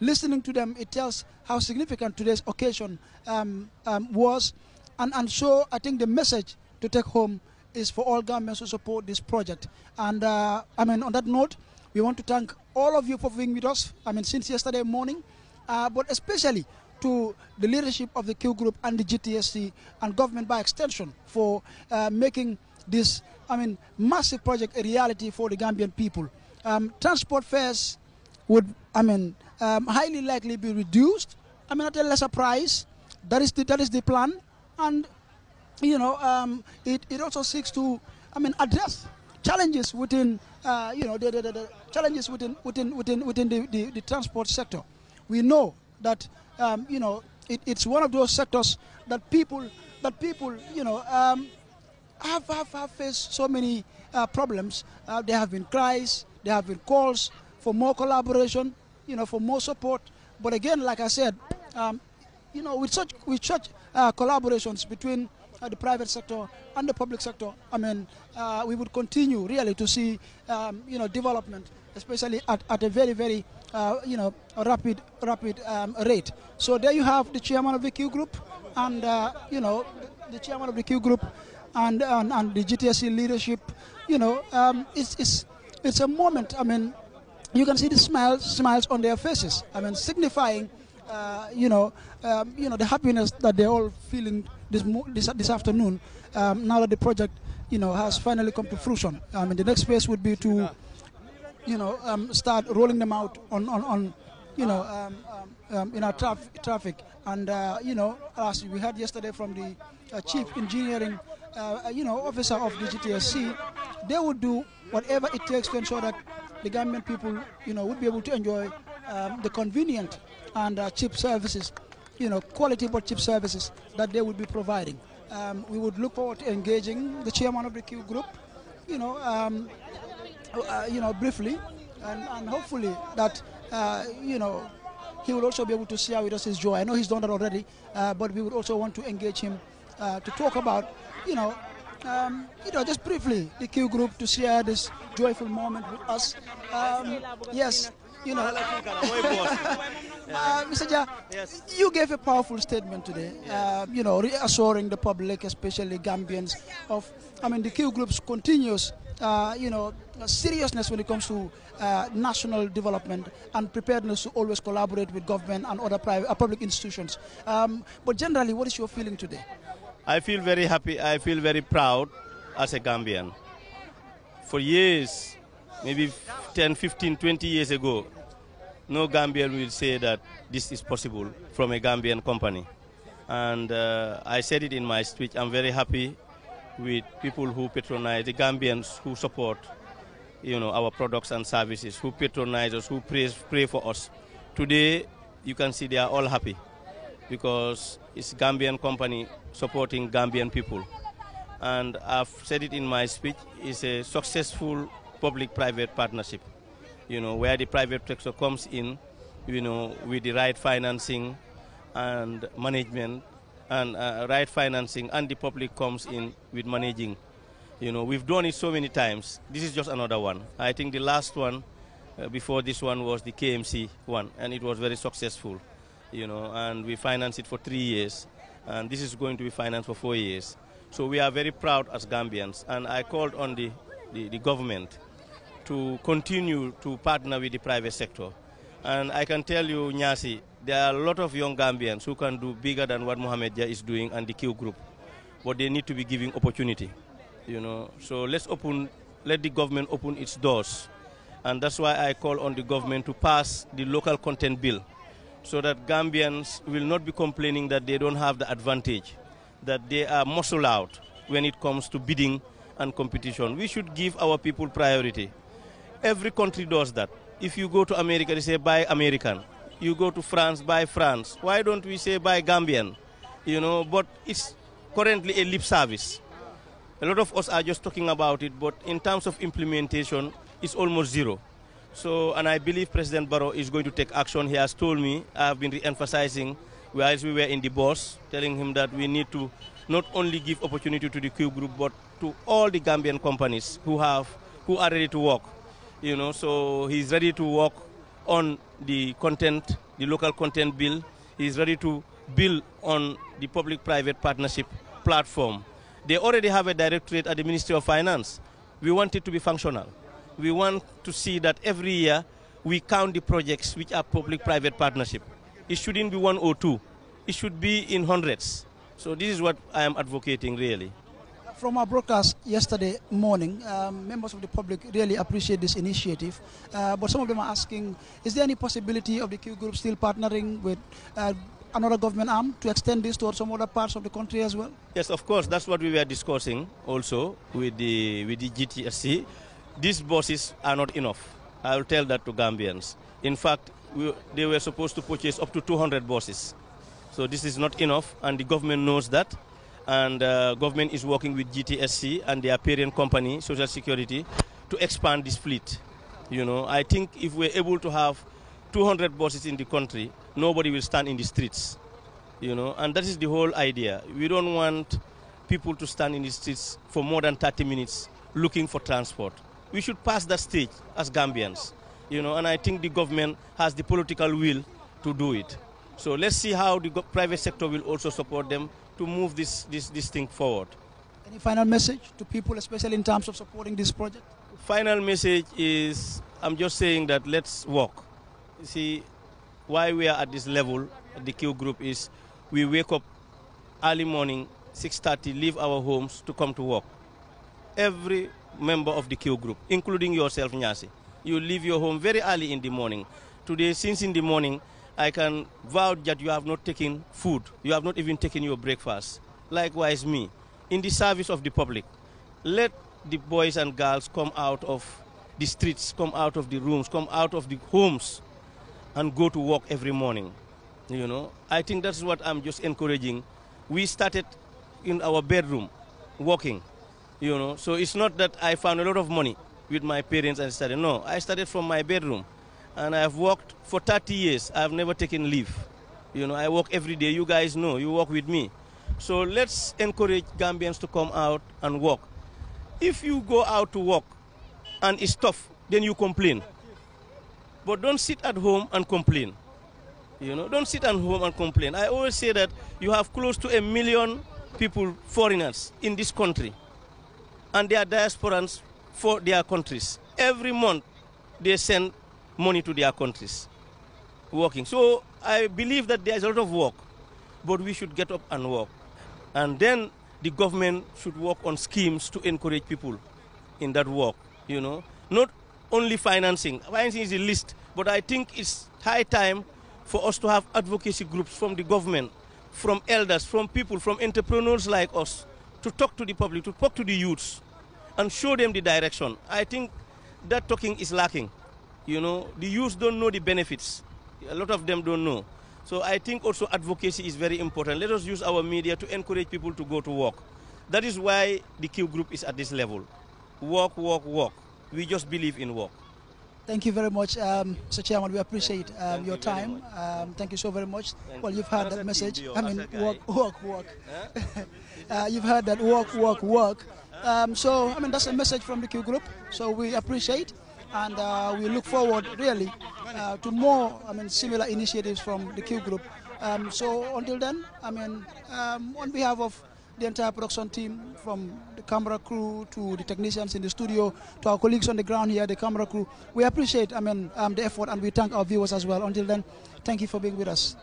listening to them, it tells how significant today's occasion um, um was. And, and so I think the message to take home is for all governments to support this project. And uh, I mean, on that note, we want to thank all of you for being with us, I mean, since yesterday morning, uh, but especially to the leadership of the Q Group and the GTSC and government by extension for uh, making this, I mean, massive project a reality for the Gambian people. Um, transport fares would, I mean, um, highly likely be reduced, I mean, at a lesser price. That is the, that is the plan. And you know, um, it, it also seeks to, I mean, address challenges within, uh, you know, the, the, the, challenges within, within, within, within the, the, the transport sector. We know that, um, you know, it, it's one of those sectors that people, that people, you know, um, have, have, have faced so many uh, problems. Uh, there have been cries, there have been calls for more collaboration, you know, for more support. But again, like I said, um, you know, with such, with such uh, collaborations between uh, the private sector and the public sector, I mean, uh, we would continue really to see, um, you know, development, especially at, at a very, very, uh, you know, rapid, rapid um, rate. So there you have the chairman of the Q group and, uh, you know, the chairman of the Q group and, and, and the GTSC leadership, you know, um, it's, it's, it's a moment, I mean, you can see the smiles, smiles on their faces, I mean, signifying, uh, you know, um, you know, the happiness that they're all feeling this this, this afternoon. Um, now that the project, you know, has finally come to fruition, I mean, the next phase would be to, you know, um, start rolling them out on on, on you know, um, um, in our traf traffic. And uh, you know, as we heard yesterday from the uh, chief engineering, uh, you know, officer of the GTSC, they would do whatever it takes to ensure that the Gambian people, you know, would be able to enjoy um, the convenient and uh, cheap services you know, quality but cheap services that they would be providing. Um, we would look forward to engaging the chairman of the Q Group, you know, um, uh, you know, briefly, and, and hopefully that, uh, you know, he will also be able to share with us his joy. I know he's done that already, uh, but we would also want to engage him uh, to talk about, you know, um, you know, just briefly, the Q Group to share this joyful moment with us. Um, yes, you know. uh, Mr. Ja, yes. you gave a powerful statement today, uh, you know, reassuring the public, especially Gambians, of, I mean, the Q Group's continuous, uh, you know, seriousness when it comes to uh, national development and preparedness to always collaborate with government and other private, uh, public institutions. Um, but generally, what is your feeling today? I feel very happy. I feel very proud as a Gambian. For years, maybe 10, 15, 20 years ago, no Gambian will say that this is possible from a Gambian company. And uh, I said it in my speech, I'm very happy with people who patronize, the Gambians who support you know, our products and services, who patronize us, who pray pray for us. Today, you can see they are all happy because it's Gambian company supporting Gambian people. And I've said it in my speech, it's a successful public-private partnership you know, where the private sector comes in, you know, with the right financing and management and uh, right financing and the public comes in with managing. You know, we've done it so many times. This is just another one. I think the last one uh, before this one was the KMC one, and it was very successful. You know, and we financed it for three years, and this is going to be financed for four years. So we are very proud as Gambians, and I called on the, the, the government to continue to partner with the private sector. And I can tell you, Nyasi, there are a lot of young Gambians who can do bigger than what Mohamed Jah is doing and the Q group. But they need to be given opportunity, you know. So let's open, let the government open its doors. And that's why I call on the government to pass the local content bill so that Gambians will not be complaining that they don't have the advantage, that they are muscle out when it comes to bidding and competition. We should give our people priority. Every country does that. If you go to America, they say buy American. You go to France, buy France. Why don't we say buy Gambian? You know, but it's currently a lip service. A lot of us are just talking about it, but in terms of implementation, it's almost zero. So, and I believe President Barrow is going to take action. He has told me, I have been re-emphasizing, whereas we were in the boss, telling him that we need to not only give opportunity to the Q group, but to all the Gambian companies who have, who are ready to work you know, so he's ready to work on the content, the local content bill. He's ready to build on the public-private partnership platform. They already have a directorate at the Ministry of Finance. We want it to be functional. We want to see that every year we count the projects which are public-private partnership. It shouldn't be one or two. It should be in hundreds. So this is what I am advocating really. From our broadcast yesterday morning, um, members of the public really appreciate this initiative, uh, but some of them are asking, is there any possibility of the Q Group still partnering with uh, another government arm to extend this to some other parts of the country as well? Yes, of course. That's what we were discussing also with the, with the GTSC. These buses are not enough. I'll tell that to Gambians. In fact, we, they were supposed to purchase up to 200 buses, So this is not enough, and the government knows that and uh, government is working with GTSC and their parent company, Social Security, to expand this fleet. You know, I think if we're able to have 200 buses in the country, nobody will stand in the streets. You know, and that is the whole idea. We don't want people to stand in the streets for more than 30 minutes looking for transport. We should pass that stage as Gambians. You know, and I think the government has the political will to do it. So let's see how the private sector will also support them to move this, this, this thing forward. Any final message to people, especially in terms of supporting this project? Final message is I'm just saying that let's work. You see, why we are at this level, at the Q group, is we wake up early morning, 6.30, leave our homes to come to work. Every member of the Q group, including yourself, Nyasi, you leave your home very early in the morning. Today, since in the morning, I can vouch that you have not taken food, you have not even taken your breakfast. Likewise, me, in the service of the public, let the boys and girls come out of the streets, come out of the rooms, come out of the homes, and go to work every morning. You know, I think that's what I'm just encouraging. We started in our bedroom working, you know, so it's not that I found a lot of money with my parents and started. No, I started from my bedroom and I've worked for 30 years. I've never taken leave. You know, I work every day. You guys know, you work with me. So let's encourage Gambians to come out and work. If you go out to work and it's tough, then you complain. But don't sit at home and complain. You know, don't sit at home and complain. I always say that you have close to a million people, foreigners, in this country, and they are diasporans for their countries. Every month, they send money to their countries working. So I believe that there is a lot of work, but we should get up and work. And then the government should work on schemes to encourage people in that work, you know. Not only financing. Financing is a list, but I think it's high time for us to have advocacy groups from the government, from elders, from people, from entrepreneurs like us, to talk to the public, to talk to the youths, and show them the direction. I think that talking is lacking. You know, the youth don't know the benefits. A lot of them don't know. So I think also advocacy is very important. Let us use our media to encourage people to go to work. That is why the Q Group is at this level. Work, work, work. We just believe in work. Thank you very much, um, Mr. Chairman. We appreciate um, you your time. Um, thank you so very much. Thank well, you've heard that message. I mean, work, work, work. uh, you've heard that work, work, work. Um, so, I mean, that's a message from the Q Group. So we appreciate and uh, we look forward really uh, to more I mean similar initiatives from the Q Group. Um, so until then, I mean um, on behalf of the entire production team from the camera crew to the technicians in the studio to our colleagues on the ground here, the camera crew, we appreciate I mean um, the effort and we thank our viewers as well. Until then, thank you for being with us.